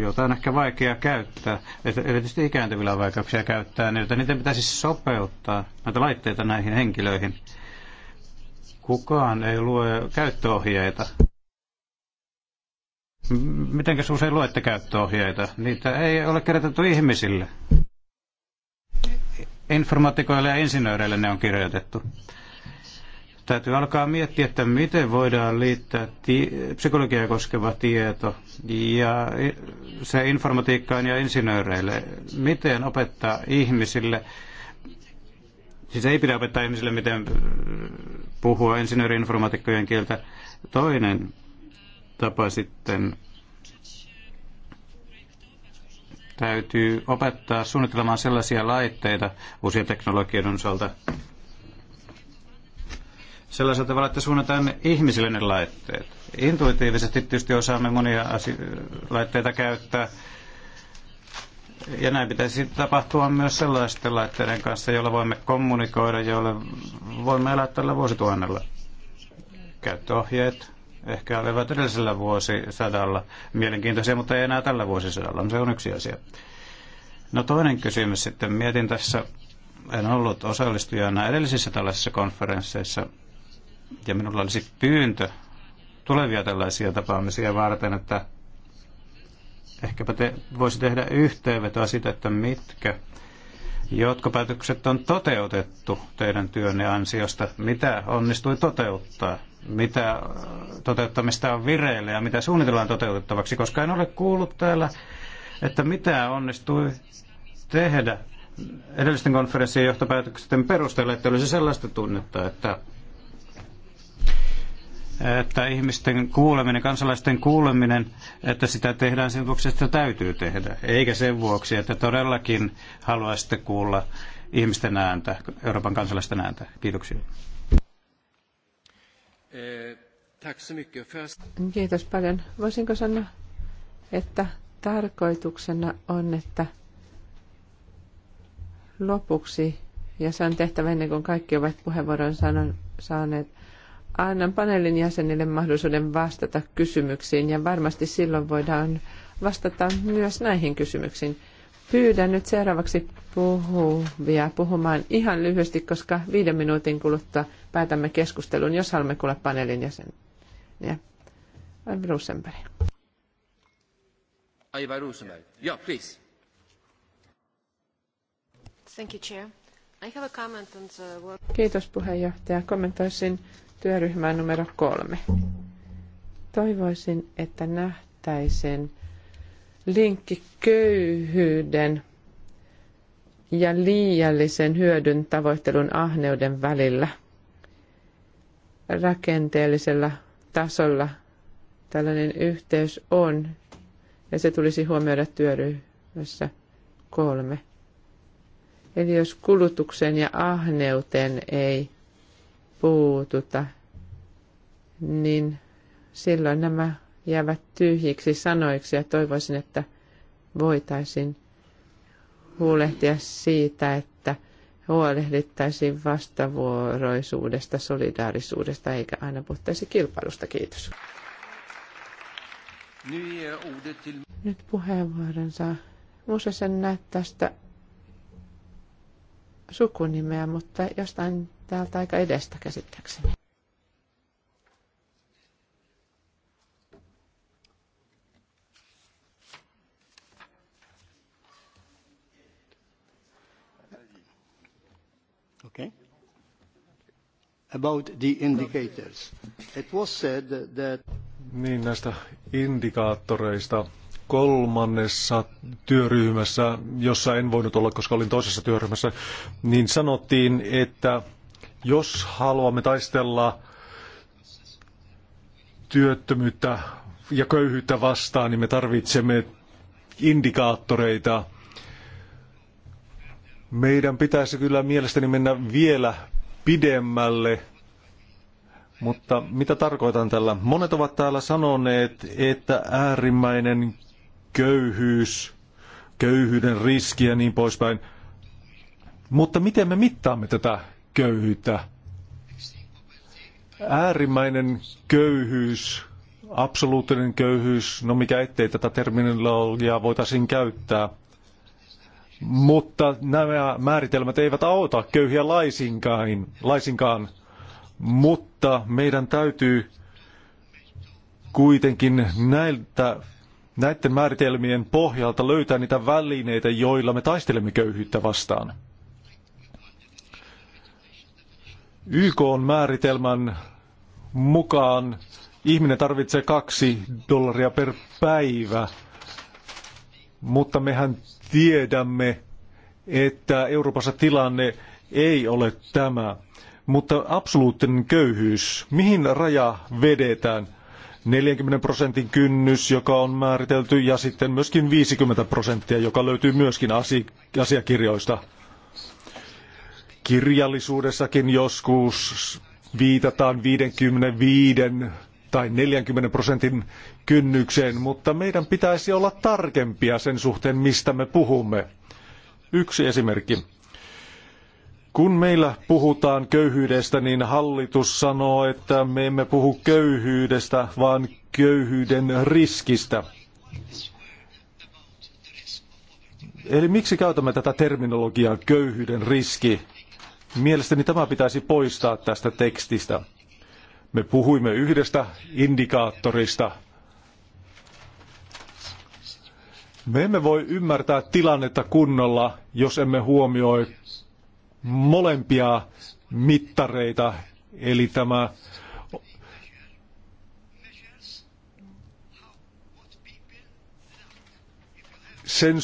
joita on ehkä vaikea käyttää, erityisesti ikääntyvillä on vaikeuksia käyttää, niin että niitä pitäisi sopeuttaa näitä laitteita näihin henkilöihin. Kukaan ei lue käyttöohjeita Miten usein luette käyttöohjeita? Niitä ei ole kirjoitettu ihmisille. Informatikoille ja insinööreille ne on kirjoitettu. Täytyy alkaa miettiä, että miten voidaan liittää ti- psykologiaa koskeva tieto ja se informatiikkaan ja insinööreille. Miten opettaa ihmisille, siis ei pidä opettaa ihmisille, miten puhua insinööriinformatikkojen kieltä. Toinen tapa sitten täytyy opettaa suunnittelemaan sellaisia laitteita uusien teknologioiden osalta sellaisella tavalla, että suunnataan ihmisille ne laitteet. Intuitiivisesti tietysti osaamme monia asio- laitteita käyttää. Ja näin pitäisi tapahtua myös sellaisten laitteiden kanssa, joilla voimme kommunikoida, joilla voimme elää tällä vuosituhannella. Käyttöohjeet, ehkä olivat edellisellä vuosisadalla mielenkiintoisia, mutta ei enää tällä vuosisadalla. No, se on yksi asia. No toinen kysymys sitten. Mietin tässä, en ollut osallistujana edellisissä tällaisissa konferensseissa, ja minulla olisi pyyntö tulevia tällaisia tapaamisia varten, että ehkäpä te voisi tehdä yhteenvetoa siitä, että mitkä päätökset on toteutettu teidän työnne ansiosta, mitä onnistui toteuttaa mitä toteuttamista on vireillä ja mitä suunnitellaan toteutettavaksi, koska en ole kuullut täällä, että mitä onnistui tehdä edellisten konferenssien johtopäätöksen perusteella, että olisi sellaista tunnetta, että että ihmisten kuuleminen, kansalaisten kuuleminen, että sitä tehdään sen vuoksi, että sitä täytyy tehdä, eikä sen vuoksi, että todellakin haluaisitte kuulla ihmisten ääntä, Euroopan kansalaisten ääntä. Kiitoksia. Eh, Kiitos paljon. Voisinko sanoa, että tarkoituksena on, että lopuksi, ja se on tehtävä ennen kuin kaikki ovat puheenvuoron saaneet, annan paneelin jäsenille mahdollisuuden vastata kysymyksiin ja varmasti silloin voidaan vastata myös näihin kysymyksiin. Pyydän nyt seuraavaksi puhuvia puhumaan ihan lyhyesti, koska viiden minuutin kuluttua päätämme keskustelun, jos haluamme kuulla paneelin jäsen Aivar Rosenberg. Aivar Rosenberg. Yeah, please. Thank you, Chair. I have a comment on the work... Kiitos puheenjohtaja. Kommentoisin työryhmää numero kolme. Toivoisin, että nähtäisin linkki köyhyyden ja liiallisen hyödyn tavoittelun ahneuden välillä. Rakenteellisella tasolla tällainen yhteys on, ja se tulisi huomioida työryhmässä kolme. Eli jos kulutukseen ja ahneuteen ei puututa, niin silloin nämä jäävät tyhjiksi sanoiksi ja toivoisin, että voitaisiin huolehtia siitä, että huolehdittaisiin vastavuoroisuudesta, solidaarisuudesta eikä aina puhuttaisi kilpailusta. Kiitos. Nyt puheenvuoron saa sen näyttää tästä sukunimeä, mutta jostain täältä aika edestä käsittääkseni. about the indicators. It was said that... Niin näistä indikaattoreista kolmannessa työryhmässä, jossa en voinut olla, koska olin toisessa työryhmässä, niin sanottiin, että jos haluamme taistella työttömyyttä ja köyhyyttä vastaan, niin me tarvitsemme indikaattoreita. Meidän pitäisi kyllä mielestäni mennä vielä pidemmälle. Mutta mitä tarkoitan tällä? Monet ovat täällä sanoneet, että äärimmäinen köyhyys, köyhyyden riski ja niin poispäin. Mutta miten me mittaamme tätä köyhyyttä? Äärimmäinen köyhyys, absoluuttinen köyhyys, no mikä ettei tätä terminologiaa voitaisiin käyttää – mutta nämä määritelmät eivät auta köyhiä laisinkaan, laisinkaan. mutta meidän täytyy kuitenkin näiltä, näiden määritelmien pohjalta löytää niitä välineitä, joilla me taistelemme köyhyyttä vastaan. YK on määritelmän mukaan ihminen tarvitsee kaksi dollaria per päivä – mutta mehän tiedämme, että Euroopassa tilanne ei ole tämä. Mutta absoluuttinen köyhyys, mihin raja vedetään? 40 prosentin kynnys, joka on määritelty, ja sitten myöskin 50 prosenttia, joka löytyy myöskin asiakirjoista. Kirjallisuudessakin joskus viitataan 55 tai 40 prosentin kynnykseen, mutta meidän pitäisi olla tarkempia sen suhteen, mistä me puhumme. Yksi esimerkki. Kun meillä puhutaan köyhyydestä, niin hallitus sanoo, että me emme puhu köyhyydestä, vaan köyhyyden riskistä. Eli miksi käytämme tätä terminologiaa köyhyyden riski? Mielestäni tämä pitäisi poistaa tästä tekstistä. Me puhuimme yhdestä indikaattorista. Me emme voi ymmärtää tilannetta kunnolla, jos emme huomioi molempia mittareita, eli tämä sen,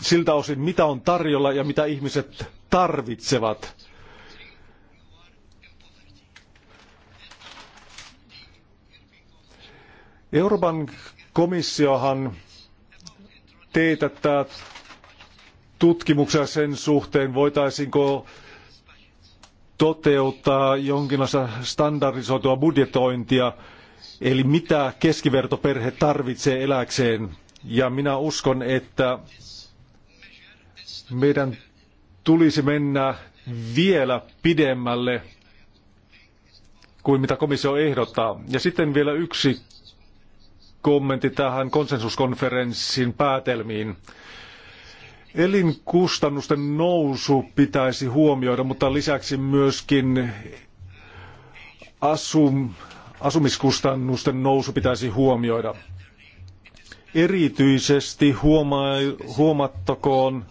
siltä osin, mitä on tarjolla ja mitä ihmiset tarvitsevat. Euroopan komissiohan teetättää tutkimuksia sen suhteen, voitaisiinko toteuttaa jonkinlaista standardisoitua budjetointia, eli mitä keskivertoperhe tarvitsee eläkseen. Ja minä uskon, että meidän tulisi mennä vielä pidemmälle kuin mitä komissio ehdottaa. Ja sitten vielä yksi kommentti tähän konsensuskonferenssin päätelmiin. Elinkustannusten nousu pitäisi huomioida, mutta lisäksi myöskin asum, asumiskustannusten nousu pitäisi huomioida. Erityisesti huoma, huomattakoon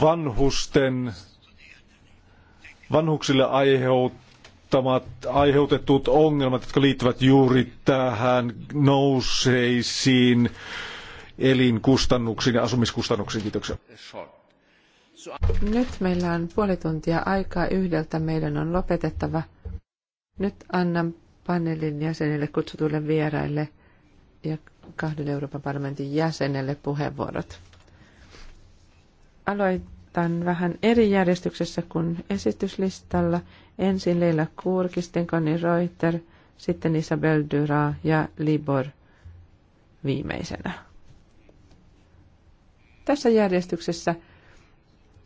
vanhusten, vanhuksille aiheuttaa aiheuttamat, aiheutetut ongelmat, jotka liittyvät juuri tähän nouseisiin elinkustannuksiin ja asumiskustannuksiin. Kiitoksia. Nyt meillä on puoli tuntia aikaa yhdeltä. Meidän on lopetettava. Nyt annan paneelin jäsenille kutsutuille vieraille ja kahdelle Euroopan parlamentin jäsenelle puheenvuorot. Aloitetaan tämän vähän eri järjestyksessä kuin esityslistalla. Ensin Leila Kurkisten, Conny Reuter, sitten Isabel Dura ja Libor viimeisenä. Tässä järjestyksessä,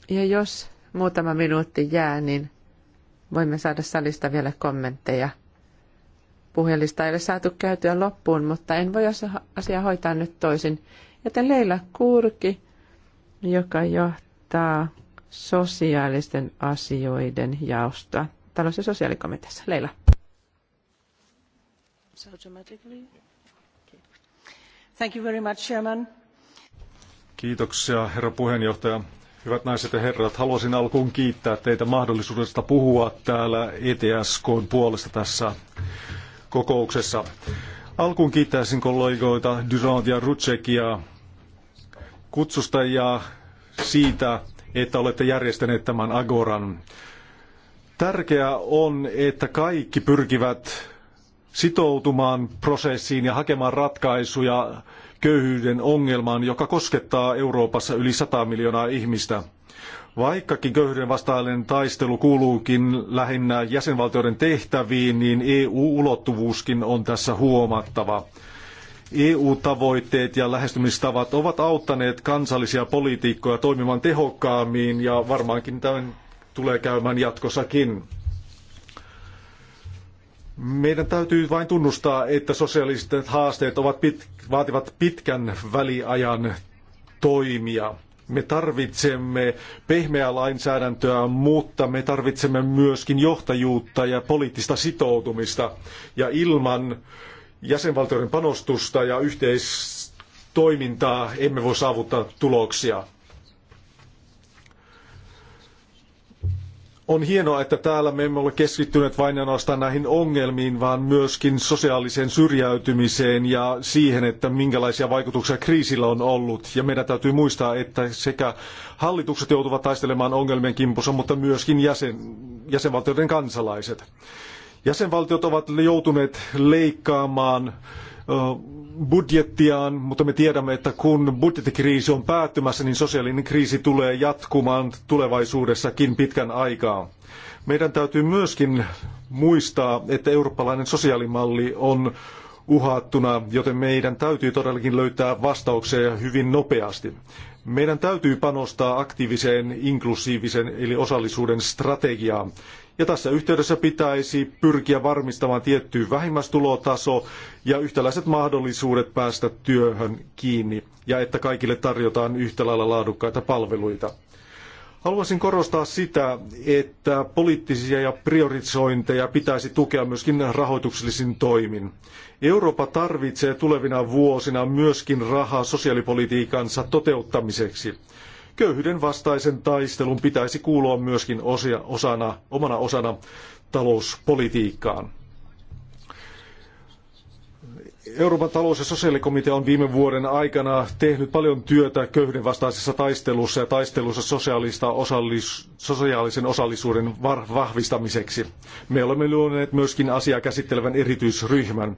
ja jos muutama minuutti jää, niin voimme saada salista vielä kommentteja. Puhelista ei ole saatu käytyä loppuun, mutta en voi asiaa hoitaa nyt toisin. Joten Leila Kurki, joka johtaa vastaa sosiaalisten asioiden jaosta talous- ja sosiaalikomiteassa. Leila. So okay. Thank you very much, Chairman. Kiitoksia, herra puheenjohtaja. Hyvät naiset ja herrat, haluaisin alkuun kiittää teitä mahdollisuudesta puhua täällä ETSKn puolesta tässä kokouksessa. Alkuun kiittäisin kollegoita Durant ja Rutsekia kutsusta ja siitä, että olette järjestäneet tämän Agoran. Tärkeää on, että kaikki pyrkivät sitoutumaan prosessiin ja hakemaan ratkaisuja köyhyyden ongelmaan, joka koskettaa Euroopassa yli 100 miljoonaa ihmistä. Vaikkakin köyhyyden vastainen taistelu kuuluukin lähinnä jäsenvaltioiden tehtäviin, niin EU-ulottuvuuskin on tässä huomattava. EU-tavoitteet ja lähestymistavat ovat auttaneet kansallisia poliitikkoja toimimaan tehokkaammin ja varmaankin tämän tulee käymään jatkossakin. Meidän täytyy vain tunnustaa, että sosiaaliset haasteet ovat pit, vaativat pitkän väliajan toimia. Me tarvitsemme pehmeää lainsäädäntöä, mutta me tarvitsemme myöskin johtajuutta ja poliittista sitoutumista. Ja ilman jäsenvaltioiden panostusta ja yhteistoimintaa emme voi saavuttaa tuloksia. On hienoa, että täällä me emme ole keskittyneet vain ainoastaan näihin ongelmiin, vaan myöskin sosiaaliseen syrjäytymiseen ja siihen, että minkälaisia vaikutuksia kriisillä on ollut. Ja meidän täytyy muistaa, että sekä hallitukset joutuvat taistelemaan ongelmien kimpussa, mutta myöskin jäsen, jäsenvaltioiden kansalaiset. Jäsenvaltiot ovat joutuneet leikkaamaan budjettiaan, mutta me tiedämme, että kun budjettikriisi on päättymässä, niin sosiaalinen kriisi tulee jatkumaan tulevaisuudessakin pitkän aikaa. Meidän täytyy myöskin muistaa, että eurooppalainen sosiaalimalli on uhattuna, joten meidän täytyy todellakin löytää vastauksia hyvin nopeasti. Meidän täytyy panostaa aktiiviseen, inklusiivisen eli osallisuuden strategiaan. Ja tässä yhteydessä pitäisi pyrkiä varmistamaan tietty vähimmäistulotaso ja yhtäläiset mahdollisuudet päästä työhön kiinni ja että kaikille tarjotaan yhtä lailla laadukkaita palveluita. Haluaisin korostaa sitä, että poliittisia ja priorisointeja pitäisi tukea myöskin rahoituksellisin toimin. Eurooppa tarvitsee tulevina vuosina myöskin rahaa sosiaalipolitiikansa toteuttamiseksi. Köyhyyden vastaisen taistelun pitäisi kuulua myöskin osia, osana, omana osana talouspolitiikkaan. Euroopan talous- ja sosiaalikomitea on viime vuoden aikana tehnyt paljon työtä köyhyyden vastaisessa taistelussa ja taistelussa sosiaalista osallis- sosiaalisen osallisuuden vahvistamiseksi. Me olemme luoneet myöskin asiaa käsittelevän erityisryhmän.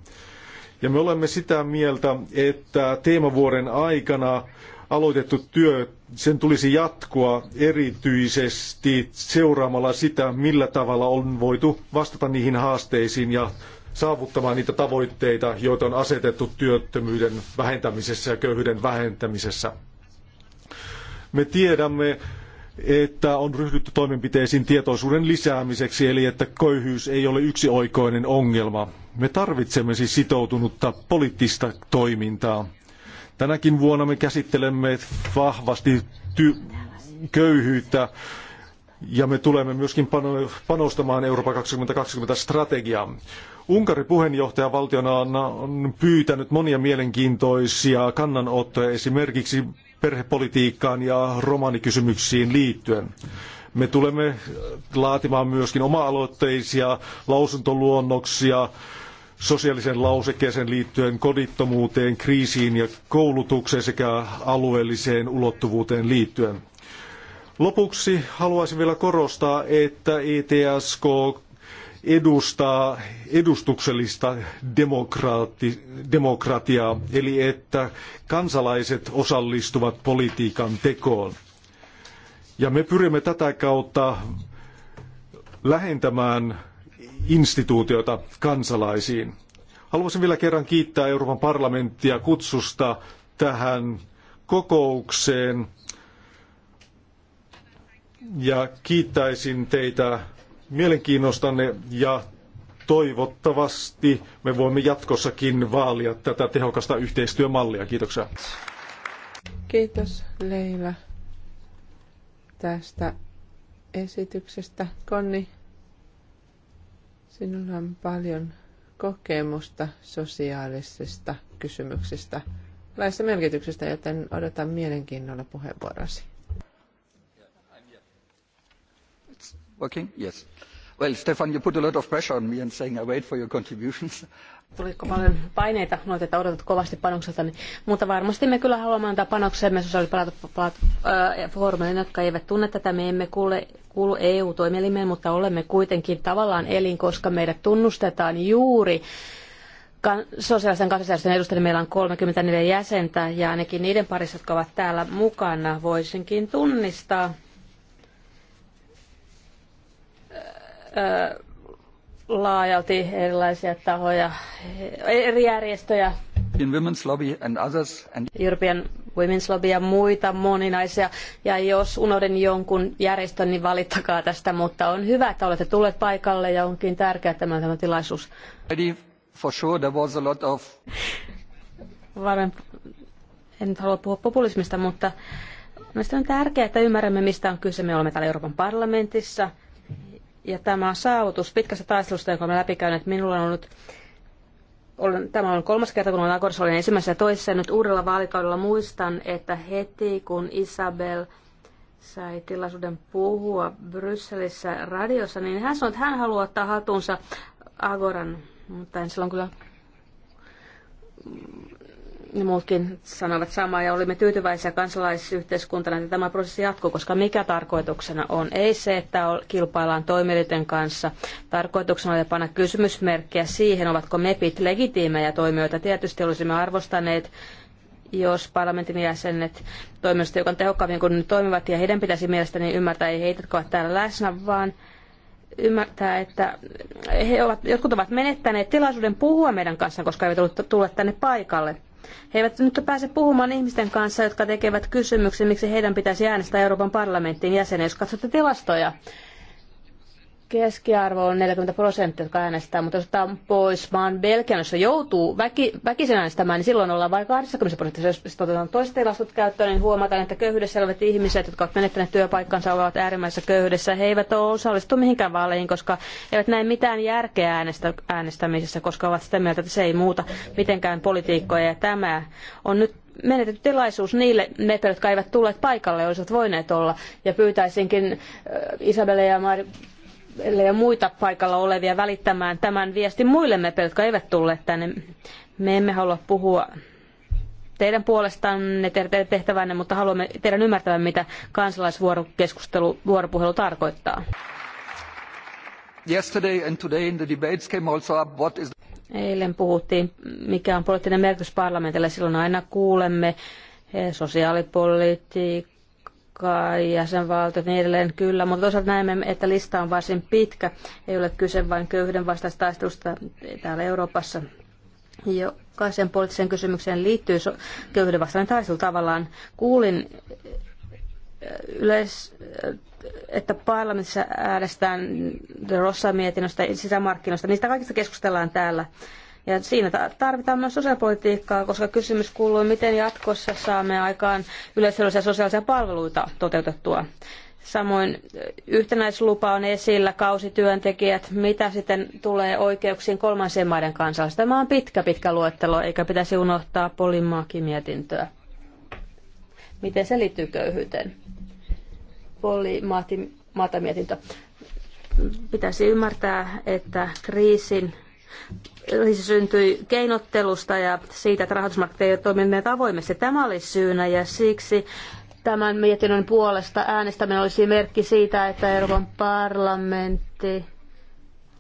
Ja me olemme sitä mieltä, että teemavuoden aikana aloitettu työ sen tulisi jatkua erityisesti seuraamalla sitä, millä tavalla on voitu vastata niihin haasteisiin ja saavuttamaan niitä tavoitteita, joita on asetettu työttömyyden vähentämisessä ja köyhyyden vähentämisessä. Me tiedämme, että on ryhdytty toimenpiteisiin tietoisuuden lisäämiseksi, eli että köyhyys ei ole yksioikoinen ongelma. Me tarvitsemme siis sitoutunutta poliittista toimintaa. Tänäkin vuonna me käsittelemme vahvasti köyhyyttä ja me tulemme myöskin panostamaan Euroopan 2020 strategiaan. Unkari puheenjohtajavaltiona on pyytänyt monia mielenkiintoisia kannanottoja esimerkiksi perhepolitiikkaan ja romanikysymyksiin liittyen. Me tulemme laatimaan myöskin oma-aloitteisia lausuntoluonnoksia sosiaalisen lausekkeeseen liittyen kodittomuuteen, kriisiin ja koulutukseen sekä alueelliseen ulottuvuuteen liittyen. Lopuksi haluaisin vielä korostaa, että ETSK edustaa edustuksellista demokraati, demokratiaa, eli että kansalaiset osallistuvat politiikan tekoon. Ja me pyrimme tätä kautta lähentämään instituutiota kansalaisiin. Haluaisin vielä kerran kiittää Euroopan parlamenttia kutsusta tähän kokoukseen ja kiittäisin teitä mielenkiinnostanne ja toivottavasti me voimme jatkossakin vaalia tätä tehokasta yhteistyömallia. Kiitoksia. Kiitos Leila tästä esityksestä. Konni, Sinulla on paljon kokemusta sosiaalisista kysymyksistä, laissa merkityksestä, joten odotan mielenkiinnolla puheenvuorosi. working? Yes. Well, Stefan, you put a lot of pressure on me and saying I wait for your contributions tuliko paljon paineita, noita, että odotat kovasti panokselta, niin, mutta varmasti me kyllä haluamme antaa panoksemme sosiaalifoorumille, jotka eivät tunne tätä. Me emme kuule, kuulu EU-toimielimeen, mutta olemme kuitenkin tavallaan elin, koska meidät tunnustetaan juuri kan- sosiaalisen kansallisjärjestöjen edustajille. Meillä on 34 jäsentä ja ainakin niiden parissa, jotka ovat täällä mukana, voisinkin tunnistaa. Öö, laajalti erilaisia tahoja, eri järjestöjä. In Women's Lobby and others and... European Women's Lobby ja muita moninaisia. Ja jos unohdin jonkun järjestön, niin valittakaa tästä, mutta on hyvä, että olette tulleet paikalle ja onkin tärkeää tämä, tämä tilaisuus. For sure, there was a lot of... Varen, en halua puhua populismista, mutta mielestäni on tärkeää, että ymmärrämme, mistä on kyse. Me olemme täällä Euroopan parlamentissa – ja tämä on saavutus pitkästä taistelusta, jonka olen läpikäynyt, Minulla on ollut olen, tämä on kolmas kerta, kun olen Agorissa olen ensimmäisessä ja toisessa. Nyt uudella vaalikaudella muistan, että heti kun Isabel sai tilaisuuden puhua Brysselissä radiossa, niin hän sanoi, että hän haluaa ottaa hatunsa Agoran, mutta en silloin kyllä muutkin sanovat samaa ja olimme tyytyväisiä kansalaisyhteiskuntana, että tämä prosessi jatkuu, koska mikä tarkoituksena on? Ei se, että kilpaillaan toimijoiden kanssa. Tarkoituksena oli panna kysymysmerkkiä siihen, ovatko MEPit legitiimejä toimijoita. Tietysti olisimme arvostaneet jos parlamentin jäsenet toimivat joka tehokkaammin kuin ne toimivat, ja heidän pitäisi mielestäni ymmärtää, ei heitä, jotka ovat täällä läsnä, vaan ymmärtää, että he ovat, jotkut ovat menettäneet tilaisuuden puhua meidän kanssa, koska eivät tulleet tänne paikalle. He eivät nyt pääse puhumaan ihmisten kanssa, jotka tekevät kysymyksen, miksi heidän pitäisi äänestää Euroopan parlamentin jäsenen. Jos katsotte tilastoja, keskiarvo on 40 prosenttia, jotka äänestää, mutta jos otetaan pois maan Belgian, jossa joutuu väki, väkisin äänestämään, niin silloin ollaan vain 80 prosenttia. Jos otetaan toiset tilastot käyttöön, niin huomataan, että köyhyydessä olevat ihmiset, jotka ovat menettäneet työpaikkansa, ovat äärimmäisessä köyhyydessä. He eivät ole osallistu mihinkään vaaleihin, koska eivät näe mitään järkeä äänestä, äänestämisessä, koska ovat sitä mieltä, että se ei muuta mitenkään politiikkoja. Ja tämä on nyt menetetty tilaisuus niille mepeille, jotka eivät tulleet paikalle, olisivat voineet olla. Ja pyytäisinkin äh, Isabelle ja Mari ja muita paikalla olevia välittämään tämän viestin muille meille, jotka eivät tulleet tänne. Me emme halua puhua teidän puolestanne, teidän tehtävänne, mutta haluamme teidän ymmärtävän, mitä kansalaisvuorokeskustelu, vuoropuhelu tarkoittaa. Yesterday and today in the debates came also up what is... Eilen puhuttiin, mikä on poliittinen merkitys parlamentille. Silloin aina kuulemme eh, sosiaalipolitiikka kai jäsenvaltiot niin edelleen kyllä, mutta toisaalta näemme, että lista on varsin pitkä. Ei ole kyse vain köyhyyden vastaista taistelusta täällä Euroopassa. Jokaisen poliittiseen kysymykseen liittyy so- köyhyyden vastainen taistelu tavallaan. Kuulin äh, yleis, äh, että parlamentissa äänestään Rossa-mietinnöstä, sisämarkkinoista. Niistä kaikista keskustellaan täällä. Ja siinä tarvitaan myös sosiaalipolitiikkaa, koska kysymys kuuluu, miten jatkossa saamme aikaan yleisöllisiä sosiaalisia palveluita toteutettua. Samoin eh, yhtenäislupa on esillä, kausityöntekijät, mitä sitten tulee oikeuksiin kolmansien maiden kansalaisille. Tämä on pitkä, pitkä luettelo, eikä pitäisi unohtaa Polimaakin mietintöä. Miten se liittyy köyhyyteen? Polimaati, mietintö. Pitäisi ymmärtää, että kriisin se siis syntyi keinottelusta ja siitä, että rahoitusmarkkinat eivät toimineet avoimesti. Tämä oli syynä ja siksi tämän mietinnön puolesta äänestäminen olisi merkki siitä, että Euroopan parlamentti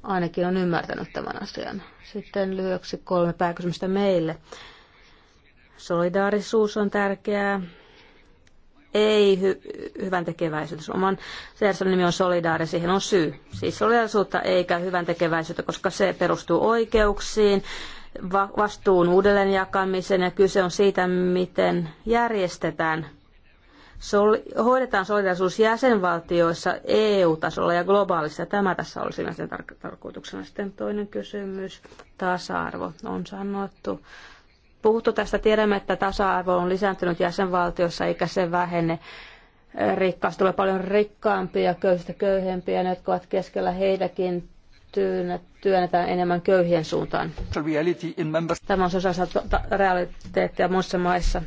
ainakin on ymmärtänyt tämän asian. Sitten lyhyeksi kolme pääkysymystä meille. Solidaarisuus on tärkeää, ei hy- hyvän tekeväisyys. Oman Sersan nimi on solidaari, siihen on syy. Siis solidaarisuutta eikä hyvän tekeväisyyttä, koska se perustuu oikeuksiin, va- vastuun uudelleenjakamiseen ja kyse on siitä, miten järjestetään Soli, hoidetaan solidaarisuus jäsenvaltioissa EU-tasolla ja globaalissa. Tämä tässä olisi sinänsä tar- tarkoituksena. Sitten toinen kysymys, tasa-arvo on sanottu puhuttu tästä. Tiedämme, että tasa-arvo on lisääntynyt jäsenvaltiossa eikä se vähene. Rikkaasta tulee paljon rikkaampia, köyhistä köyhempiä, ne, jotka ovat keskellä heitäkin työnnetään enemmän köyhien suuntaan. Tämä on osa realiteettia monissa maissa.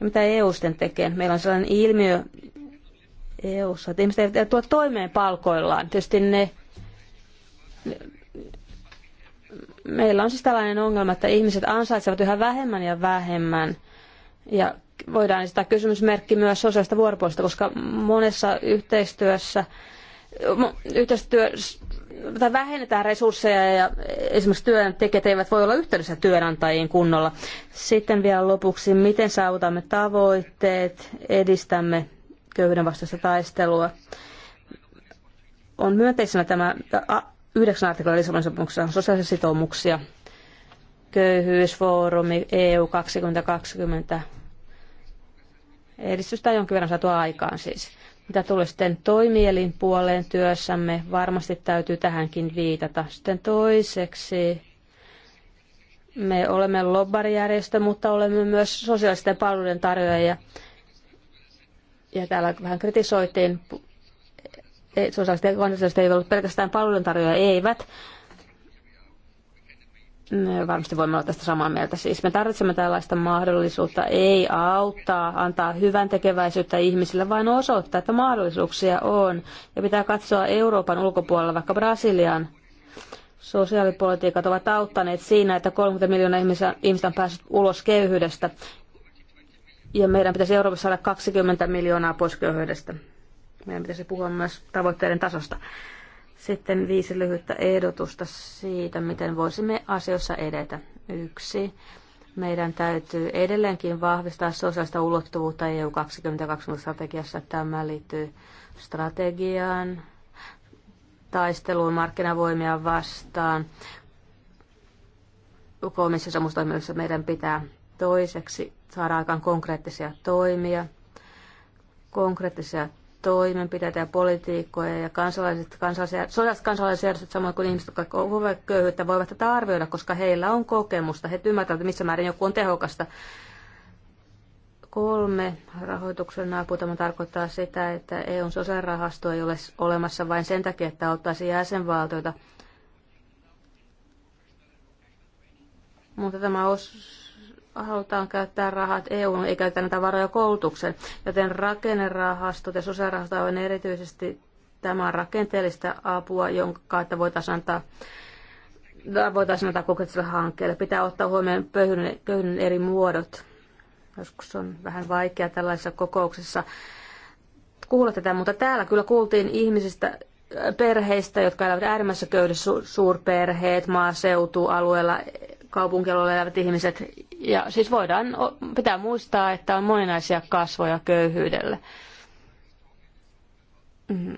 Ja mitä EU sitten tekee? Meillä on sellainen ilmiö EU-ssa, että ihmiset eivät tule toimeen palkoillaan. Tietysti ne Meillä on siis tällainen ongelma, että ihmiset ansaitsevat yhä vähemmän ja vähemmän. Ja voidaan esittää kysymysmerkki myös sosiaalista vuoropuolista, koska monessa yhteistyössä yhteistyö, tai vähennetään resursseja ja esimerkiksi työntekijät eivät voi olla yhteydessä työnantajiin kunnolla. Sitten vielä lopuksi, miten saavutamme tavoitteet, edistämme köyhyyden vastaista taistelua. On myönteisenä tämä Yhdeksän artikla Lissabonin sopimuksessa on sosiaalisia sitoumuksia. Köyhyysfoorumi EU 2020. Edistystä on jonkin verran saatu aikaan siis. Mitä tulee sitten toimielin puoleen työssämme, varmasti täytyy tähänkin viitata. Sitten toiseksi me olemme lobbarijärjestö, mutta olemme myös sosiaalisten palveluiden tarjoajia. Ja täällä vähän kritisoitiin sosiaaliset vanhukset eivät ole pelkästään palveluntarjoajia, eivät. Me varmasti voimme olla tästä samaa mieltä. Siis me tarvitsemme tällaista mahdollisuutta, ei auttaa, antaa hyvän tekeväisyyttä ihmisille, vaan osoittaa, että mahdollisuuksia on. Ja pitää katsoa Euroopan ulkopuolella, vaikka Brasilian sosiaalipolitiikat ovat auttaneet siinä, että 30 miljoonaa ihmistä on päässyt ulos köyhyydestä. Ja meidän pitäisi Euroopassa saada 20 miljoonaa pois köyhyydestä. Meidän pitäisi puhua myös tavoitteiden tasosta. Sitten viisi lyhyttä ehdotusta siitä, miten voisimme asioissa edetä. Yksi. Meidän täytyy edelleenkin vahvistaa sosiaalista ulottuvuutta EU 2020-strategiassa. Tämä liittyy strategiaan, taisteluun markkinavoimia vastaan. Komissiossa muistoimijoissa meidän pitää toiseksi saada aikaan konkreettisia toimia. Konkreettisia toimenpiteitä ja politiikkoja ja kansalaiset, kansalaiset, kansalaiset samoin kuin ihmiset, jotka ovat köyhyyttä, voivat tätä arvioida, koska heillä on kokemusta. He ymmärtävät, missä määrin joku on tehokasta. Kolme rahoituksen aputama tarkoittaa sitä, että EUn sosiaalirahasto ei ole olemassa vain sen takia, että auttaisi jäsenvaltioita. Mutta tämä os halutaan käyttää rahat EUn, ei käytetä näitä varoja koulutukseen, joten rakennerahastot ja sosiaalirahasto on erityisesti tämä rakenteellista apua, jonka kautta voitaisiin antaa voitaisiin antaa konkreettiselle hankkeelle. Pitää ottaa huomioon köyhyyden eri muodot. Joskus on vähän vaikea tällaisessa kokouksessa kuulla tätä, mutta täällä kyllä kuultiin ihmisistä, perheistä, jotka elävät äärimmäisessä köydessä, suurperheet, maaseutualueella, kaupunkialueella elävät ihmiset. Ja siis voidaan, pitää muistaa, että on moninaisia kasvoja köyhyydelle. Mm.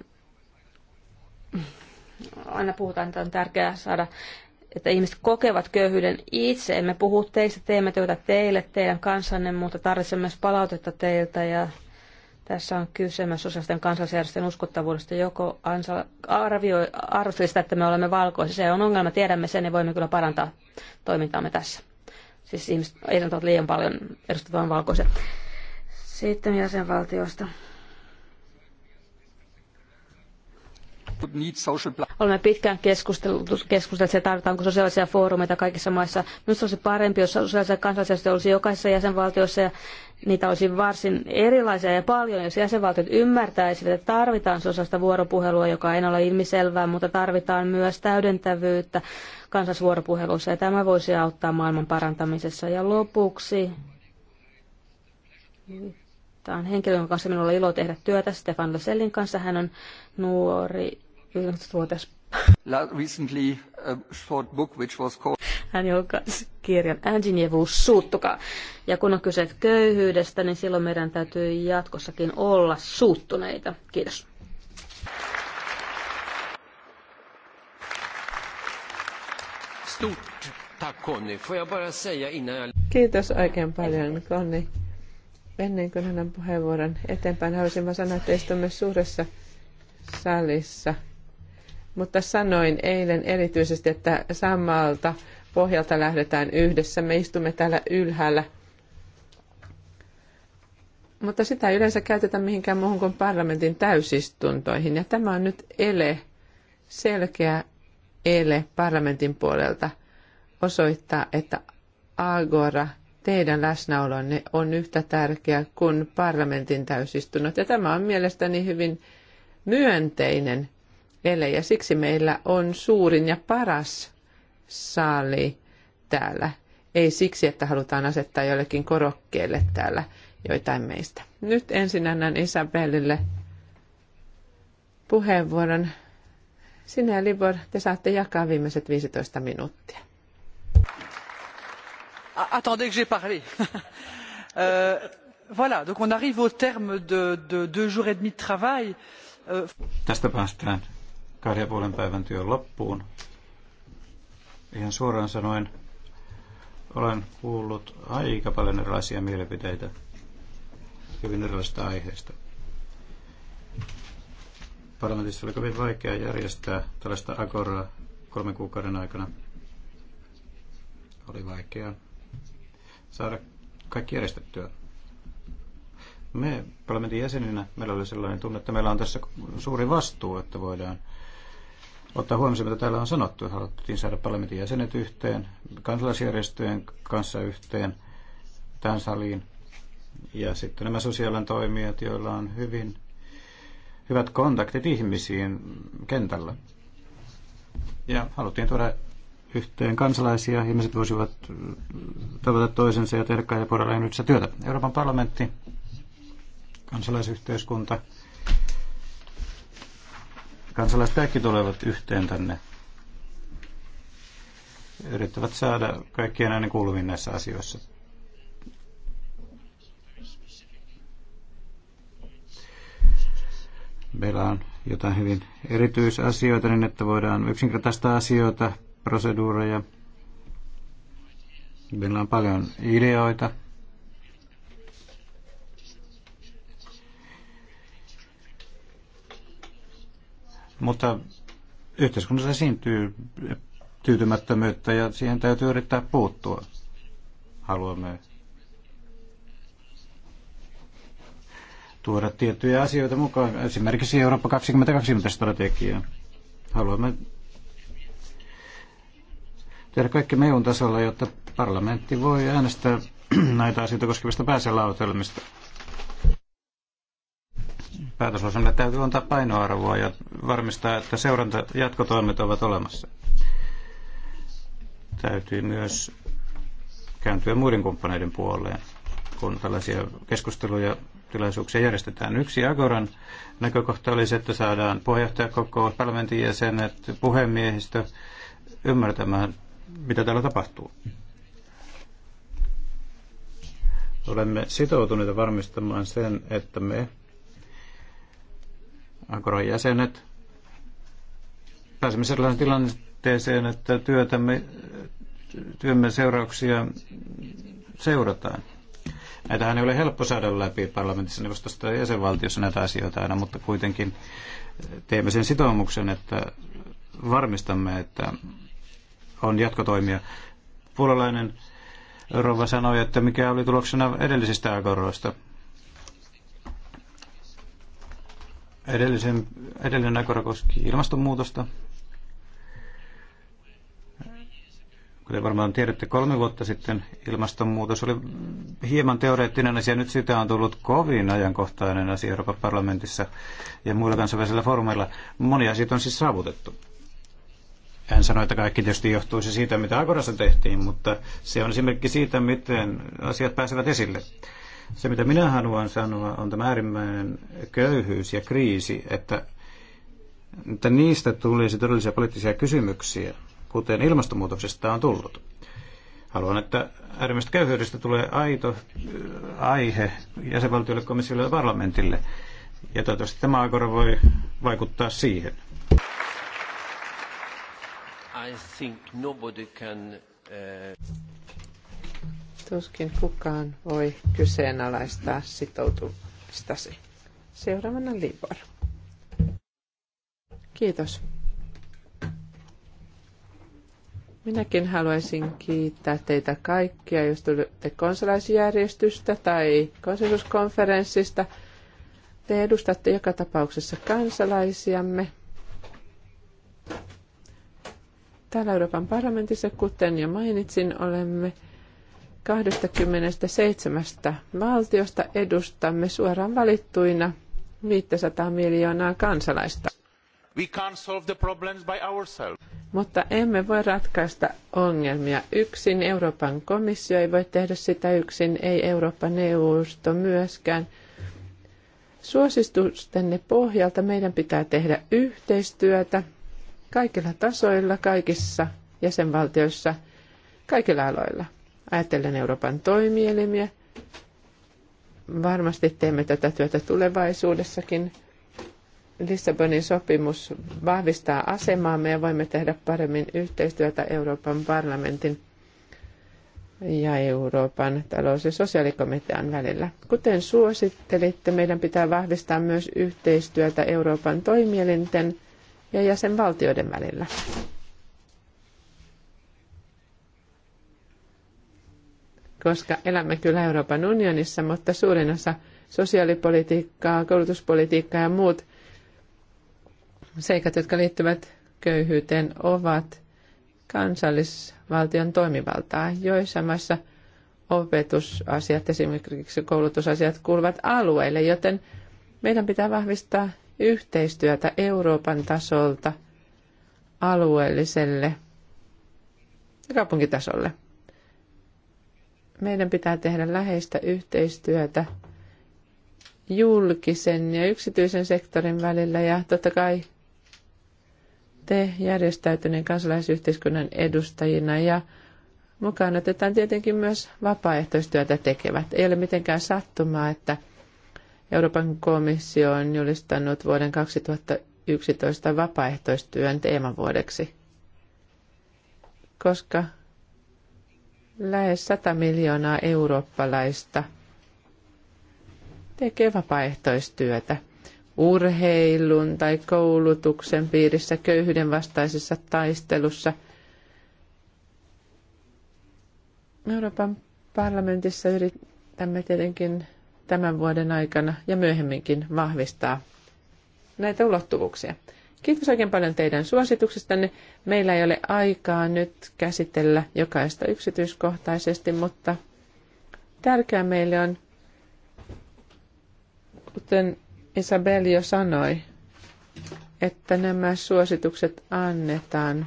Aina puhutaan, että on tärkeää saada, että ihmiset kokevat köyhyyden itse. Emme puhu teistä, teemme työtä teille, teidän kanssanne, mutta tarvitsemme myös palautetta teiltä ja tässä on kyse myös sosiaalisten kansallisjärjestöjen uskottavuudesta. Joko arvioi, arvosteli sitä, että me olemme valkoisia. Se on ongelma, tiedämme sen ja voimme kyllä parantaa toimintaamme tässä. Siis ihmiset eivät liian paljon edustettavan valkoisia. Sitten jäsenvaltioista. Olemme pitkään keskustelleet, siitä, tarvitaanko sosiaalisia foorumeita kaikissa maissa. Minusta olisi parempi, jos sosiaalisia kansalaisia olisi jokaisessa jäsenvaltiossa ja niitä olisi varsin erilaisia ja paljon, jos jäsenvaltiot ymmärtäisivät, että tarvitaan sosiaalista vuoropuhelua, joka ei ole ilmiselvää, mutta tarvitaan myös täydentävyyttä kansallisvuoropuhelussa ja tämä voisi auttaa maailman parantamisessa. Ja lopuksi Tämä on henkilö, jonka kanssa minulla on ilo tehdä työtä, Stefan Lasellin kanssa. Hän on nuori 19 recently a uh, short book which was called hän julkaisi kirjan Äänsinjevuus suuttukaa. Ja kun on kyse köyhyydestä, niin silloin meidän täytyy jatkossakin olla suuttuneita. Kiitos. Stort tack Conny. Får jag bara säga innan jag... Kiitos oikein paljon Conny. Ennen kuin hänen puheenvuoron eteenpäin, haluaisin vain sanoa, että istumme suuressa salissa – mutta sanoin eilen erityisesti, että samalta pohjalta lähdetään yhdessä. Me istumme täällä ylhäällä. Mutta sitä ei yleensä käytetä mihinkään muuhun kuin parlamentin täysistuntoihin. Ja tämä on nyt ele, selkeä ele parlamentin puolelta osoittaa, että Agora, teidän läsnäolonne on yhtä tärkeä kuin parlamentin täysistunnot. Ja tämä on mielestäni hyvin myönteinen elejä. Siksi meillä on suurin ja paras sali täällä. Ei siksi, että halutaan asettaa jollekin korokkeelle täällä joitain meistä. Nyt ensin annan Isabellille puheenvuoron. Sinä ja Libor, te saatte jakaa viimeiset 15 minuuttia. Ah, attendez que j'ai parlé. euh, voilà, donc on arrive au terme de, de deux jours et demi de travail. Euh, Tästä päästään kahden ja puolen päivän työn loppuun. Ihan suoraan sanoen, olen kuullut aika paljon erilaisia mielipiteitä hyvin erilaisista aiheista. Parlamentissa oli kovin vaikea järjestää tällaista agoraa kolmen kuukauden aikana. Oli vaikea saada kaikki järjestettyä. Me parlamentin jäseninä, meillä oli sellainen tunne, että meillä on tässä suuri vastuu, että voidaan ottaa huomioon, mitä täällä on sanottu. Haluttiin saada parlamentin jäsenet yhteen, kansalaisjärjestöjen kanssa yhteen, tämän saliin. Ja sitten nämä sosiaalinen toimijat, joilla on hyvin hyvät kontaktit ihmisiin kentällä. Ja haluttiin tuoda yhteen kansalaisia. Ihmiset voisivat tavata toisensa ja tehdä kaiken porrella yhdessä työtä. Euroopan parlamentti, kansalaisyhteiskunta, Kansalaiset kaikki tulevat yhteen tänne. Yrittävät saada kaikkien äänen kuuluviin näissä asioissa. Meillä on jotain hyvin erityisasioita, niin että voidaan yksinkertaista asioita, proseduureja. Meillä on paljon ideoita. Mutta yhteiskunnassa esiintyy tyytymättömyyttä ja siihen täytyy yrittää puuttua. Haluamme tuoda tiettyjä asioita mukaan, esimerkiksi Eurooppa 2020-strategiaa. Haluamme tehdä kaikki EUn tasolla, jotta parlamentti voi äänestää näitä asioita koskevista pääselautelmista päätöslauselmille täytyy antaa painoarvoa ja varmistaa, että seuranta jatkotoimet ovat olemassa. Täytyy myös kääntyä muiden kumppaneiden puoleen, kun tällaisia keskusteluja tilaisuuksia järjestetään. Yksi Agoran näkökohta oli se, että saadaan puheenjohtajakokous, parlamentin jäsenet, puhemiehistö ymmärtämään, mitä täällä tapahtuu. Olemme sitoutuneita varmistamaan sen, että me Ankoran jäsenet. Pääsemme sellaisen tilanteeseen, että työtämme, työmme seurauksia seurataan. Näitähän ei ole helppo saada läpi parlamentissa, neuvostossa ja jäsenvaltiossa näitä asioita aina, mutta kuitenkin teemme sen sitoumuksen, että varmistamme, että on jatkotoimia. Puolalainen rouva sanoi, että mikä oli tuloksena edellisistä agoroista – Edellisen, edellinen näkökohta koski ilmastonmuutosta. Kuten varmaan tiedätte, kolme vuotta sitten ilmastonmuutos oli hieman teoreettinen asia. Nyt sitä on tullut kovin ajankohtainen asia Euroopan parlamentissa ja muilla kansainvälisillä foorumeilla. Monia asioita on siis saavutettu. Hän sanoi, että kaikki tietysti johtuisi siitä, mitä Agorassa tehtiin, mutta se on esimerkki siitä, miten asiat pääsevät esille. Se, mitä minä haluan sanoa, on tämä äärimmäinen köyhyys ja kriisi, että, että niistä tulisi todellisia poliittisia kysymyksiä, kuten ilmastonmuutoksesta on tullut. Haluan, että äärimmäisestä köyhyydestä tulee aito äh, aihe jäsenvaltioille, komissiolle ja parlamentille. Ja toivottavasti tämä aikora voi vaikuttaa siihen. I think nobody can, uh... Tuskin kukaan voi kyseenalaistaa sitoutumistasi. Seuraavana Libor. Kiitos. Minäkin haluaisin kiittää teitä kaikkia, jos tulette konsulaisjärjestystä tai konsensuskonferenssista. Te edustatte joka tapauksessa kansalaisiamme. Täällä Euroopan parlamentissa, kuten jo mainitsin, olemme – 27 valtiosta edustamme suoraan valittuina 500 miljoonaa kansalaista. Mutta emme voi ratkaista ongelmia yksin. Euroopan komissio ei voi tehdä sitä yksin, ei Euroopan neuvosto myöskään. Suositustenne pohjalta meidän pitää tehdä yhteistyötä kaikilla tasoilla, kaikissa jäsenvaltioissa, kaikilla aloilla. Ajatellen Euroopan toimielimiä, varmasti teemme tätä työtä tulevaisuudessakin. Lissabonin sopimus vahvistaa asemaamme ja voimme tehdä paremmin yhteistyötä Euroopan parlamentin ja Euroopan talous- ja sosiaalikomitean välillä. Kuten suosittelitte, meidän pitää vahvistaa myös yhteistyötä Euroopan toimielinten ja jäsenvaltioiden välillä. koska elämme kyllä Euroopan unionissa, mutta suurin osa sosiaalipolitiikkaa, koulutuspolitiikkaa ja muut seikat, jotka liittyvät köyhyyteen, ovat kansallisvaltion toimivaltaa. Joissa maissa opetusasiat, esimerkiksi koulutusasiat, kuuluvat alueille, joten meidän pitää vahvistaa yhteistyötä Euroopan tasolta alueelliselle ja kaupunkitasolle meidän pitää tehdä läheistä yhteistyötä julkisen ja yksityisen sektorin välillä ja totta kai te järjestäytyneen kansalaisyhteiskunnan edustajina ja mukaan otetaan tietenkin myös vapaaehtoistyötä tekevät. Ei ole mitenkään sattumaa, että Euroopan komissio on julistanut vuoden 2011 vapaaehtoistyön teemavuodeksi, koska lähes 100 miljoonaa eurooppalaista tekee vapaaehtoistyötä urheilun tai koulutuksen piirissä köyhyyden vastaisessa taistelussa. Euroopan parlamentissa yritämme tietenkin tämän vuoden aikana ja myöhemminkin vahvistaa näitä ulottuvuuksia. Kiitos oikein paljon teidän suosituksistanne. Meillä ei ole aikaa nyt käsitellä jokaista yksityiskohtaisesti, mutta tärkeää meille on, kuten Isabel jo sanoi, että nämä suositukset annetaan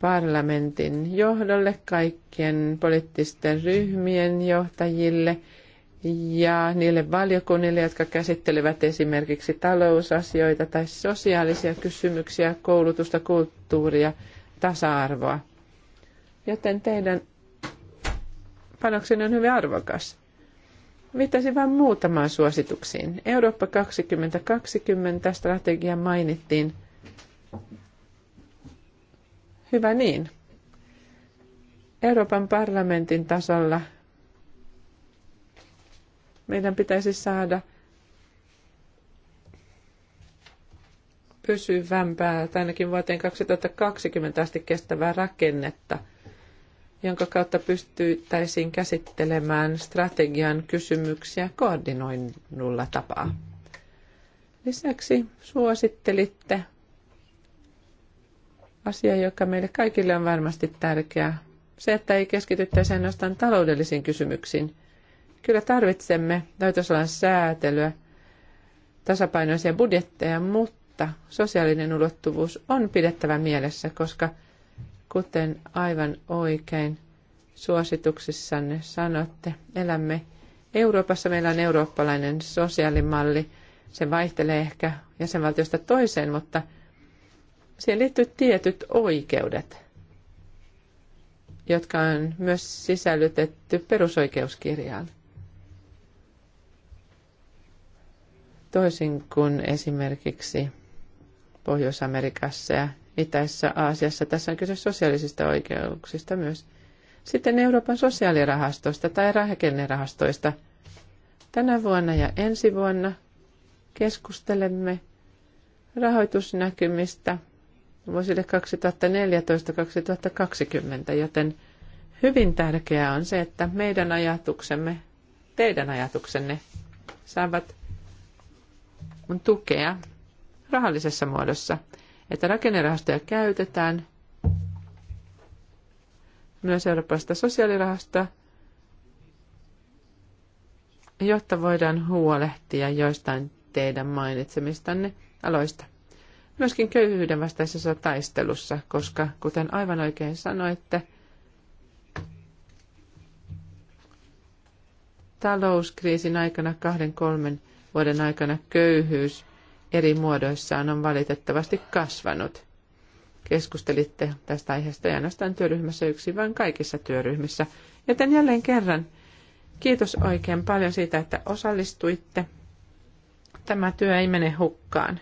parlamentin johdolle, kaikkien poliittisten ryhmien johtajille – ja niille valiokunnille, jotka käsittelevät esimerkiksi talousasioita tai sosiaalisia kysymyksiä, koulutusta, kulttuuria, tasa-arvoa. Joten teidän panoksenne on hyvin arvokas. Viittasin vain muutamaan suosituksiin. Eurooppa 2020 strategia mainittiin. Hyvä niin. Euroopan parlamentin tasolla meidän pitäisi saada pysyvämpää, tai ainakin vuoteen 2020 asti kestävää rakennetta, jonka kautta pystyttäisiin käsittelemään strategian kysymyksiä koordinoinnulla tapaa. Lisäksi suosittelitte asia, joka meille kaikille on varmasti tärkeä. Se, että ei keskityttäisi ainoastaan taloudellisiin kysymyksiin, Kyllä tarvitsemme laitosalan säätelyä, tasapainoisia budjetteja, mutta sosiaalinen ulottuvuus on pidettävä mielessä, koska kuten aivan oikein suosituksissanne sanotte, elämme Euroopassa. Meillä on eurooppalainen sosiaalimalli. Se vaihtelee ehkä jäsenvaltiosta toiseen, mutta siihen liittyy tietyt oikeudet, jotka on myös sisällytetty perusoikeuskirjaan. Toisin kuin esimerkiksi Pohjois-Amerikassa ja Itäisessä Aasiassa, tässä on kyse sosiaalisista oikeuksista myös. Sitten Euroopan sosiaalirahastosta tai rakennerahastoista. Tänä vuonna ja ensi vuonna keskustelemme rahoitusnäkymistä vuosille 2014-2020, joten hyvin tärkeää on se, että meidän ajatuksemme, teidän ajatuksenne saavat on tukea rahallisessa muodossa, että rakennerahastoja käytetään, myös Euroopasta sosiaalirahasta, jotta voidaan huolehtia joistain teidän mainitsemistanne aloista. Myöskin köyhyyden vastaisessa taistelussa, koska kuten aivan oikein sanoitte, talouskriisin aikana kahden kolmen vuoden aikana köyhyys eri muodoissaan on valitettavasti kasvanut. Keskustelitte tästä aiheesta ja ainoastaan työryhmässä yksi, vaan kaikissa työryhmissä. Joten jälleen kerran kiitos oikein paljon siitä, että osallistuitte. Tämä työ ei mene hukkaan.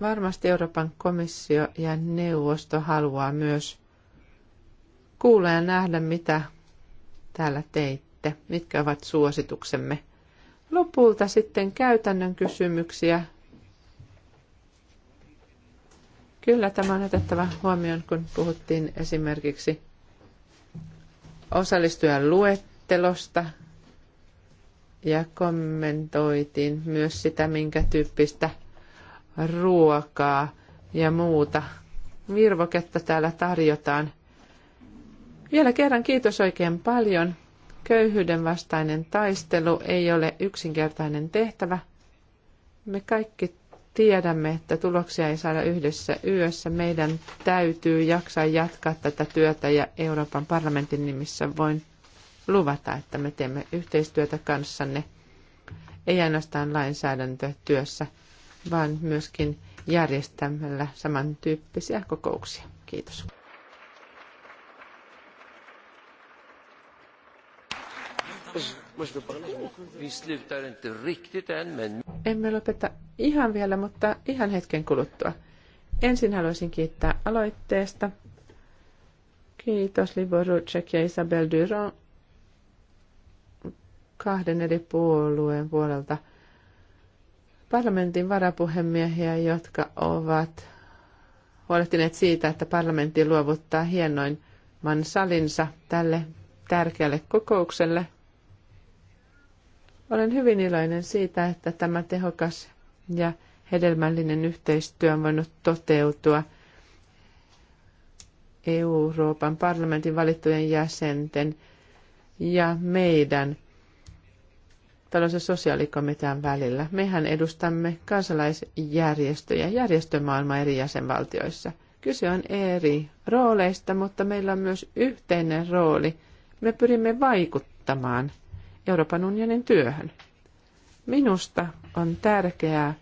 Varmasti Euroopan komissio ja neuvosto haluaa myös kuulla ja nähdä, mitä täällä teitte sitten, mitkä ovat suosituksemme. Lopulta sitten käytännön kysymyksiä. Kyllä tämä on otettava huomioon, kun puhuttiin esimerkiksi osallistujan luettelosta ja kommentoitiin myös sitä, minkä tyyppistä ruokaa ja muuta virvoketta täällä tarjotaan. Vielä kerran kiitos oikein paljon. Köyhyyden vastainen taistelu ei ole yksinkertainen tehtävä. Me kaikki tiedämme, että tuloksia ei saada yhdessä yössä. Meidän täytyy jaksaa jatkaa tätä työtä ja Euroopan parlamentin nimissä voin luvata, että me teemme yhteistyötä kanssanne, ei ainoastaan lainsäädäntötyössä, vaan myöskin järjestämällä samantyyppisiä kokouksia. Kiitos. Emme lopeta ihan vielä, mutta ihan hetken kuluttua. Ensin haluaisin kiittää aloitteesta. Kiitos Libor Rutsek ja Isabel Duron kahden eri puolueen puolelta parlamentin varapuhemiehiä, jotka ovat huolehtineet siitä, että parlamentti luovuttaa hienoin Mansalinsa salinsa tälle tärkeälle kokoukselle. Olen hyvin iloinen siitä, että tämä tehokas ja hedelmällinen yhteistyö on voinut toteutua Euroopan parlamentin valittujen jäsenten ja meidän talous- ja sosiaalikomitean välillä. Mehän edustamme kansalaisjärjestöjä, järjestömaailmaa eri jäsenvaltioissa. Kyse on eri rooleista, mutta meillä on myös yhteinen rooli. Me pyrimme vaikuttamaan – Euroopan unionin työhön. Minusta on tärkeää,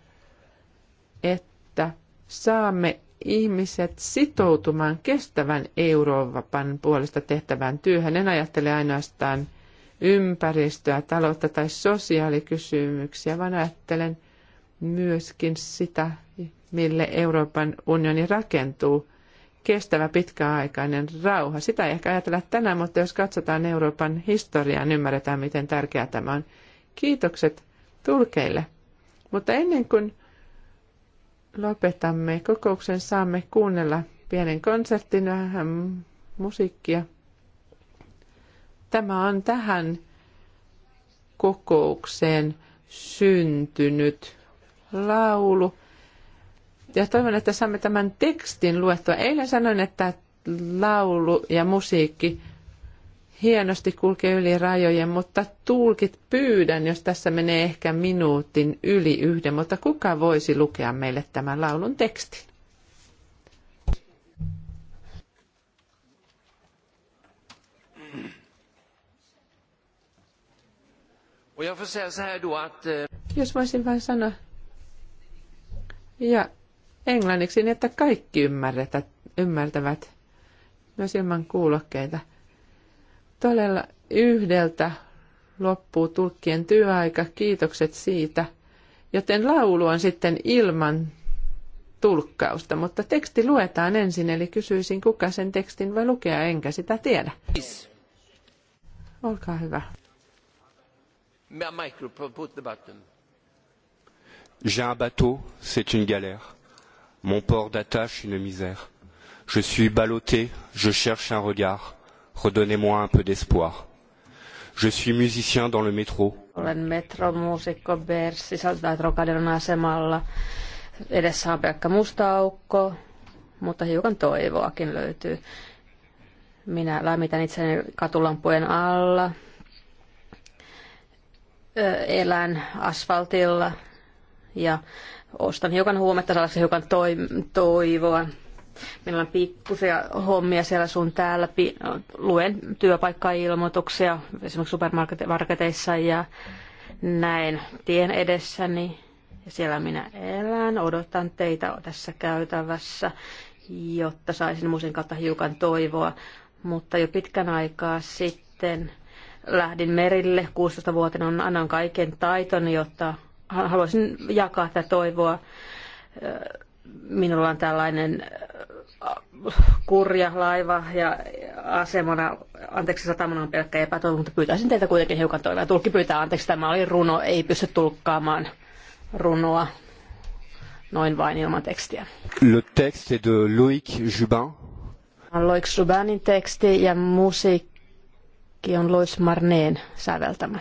että saamme ihmiset sitoutumaan kestävän Euroopan puolesta tehtävään työhön. En ajattele ainoastaan ympäristöä, taloutta tai sosiaalikysymyksiä, vaan ajattelen myöskin sitä, mille Euroopan unioni rakentuu kestävä pitkäaikainen rauha. Sitä ei ehkä ajatella tänään, mutta jos katsotaan Euroopan historiaa, niin ymmärretään, miten tärkeää tämä on. Kiitokset tulkeille. Mutta ennen kuin lopetamme kokouksen, saamme kuunnella pienen konsertin vähän musiikkia. Tämä on tähän kokoukseen syntynyt laulu. Ja toivon, että saamme tämän tekstin luettua. Eilen sanoin, että laulu ja musiikki hienosti kulkee yli rajojen, mutta tulkit pyydän, jos tässä menee ehkä minuutin yli yhden, mutta kuka voisi lukea meille tämän laulun tekstin? Eh, jos voisin vain sanoa, ja englanniksi niin, että kaikki ymmärtävät myös ilman kuulokkeita. Todella yhdeltä loppuu tulkkien työaika, kiitokset siitä. Joten laulu on sitten ilman tulkkausta, mutta teksti luetaan ensin, eli kysyisin kuka sen tekstin voi lukea, enkä sitä tiedä. Olkaa hyvä. Jean J'ai un bateau, c'est une galère. Mon port d'attache, une misère. Je suis ballotté, je cherche un regard. Redonnez-moi un peu d'espoir. Je suis musicien dans le métro. Olen metromuusikko Bersisältä Trocadon asemalla. Edessä on pelkkä musta aukko, mutta hiukan toivoakin löytyy. Minä lämmitän itseni katulampujen alla. Elän asfaltilla ja ostan hiukan huometta, saadaanko hiukan toivoa. Meillä on pikkusia hommia siellä sun täällä. pi Luen työpaikkailmoituksia esimerkiksi supermarketeissa ja näin tien edessäni. Ja siellä minä elän, odotan teitä tässä käytävässä, jotta saisin musiikin kautta hiukan toivoa. Mutta jo pitkän aikaa sitten lähdin merille. 16-vuotiaana annan kaiken taitoni, jotta haluaisin jakaa tätä toivoa. Minulla on tällainen kurja laiva ja asemana, anteeksi satamana on pelkkä epätoivo, mutta pyytäisin teiltä kuitenkin hiukan toivoa. Tulkki pyytää anteeksi, tämä oli runo, ei pysty tulkkaamaan runoa noin vain ilman tekstiä. Le texte est de Loïc Jubin. Loïc Jubinin teksti ja musiikki on Lois Marneen säveltämä.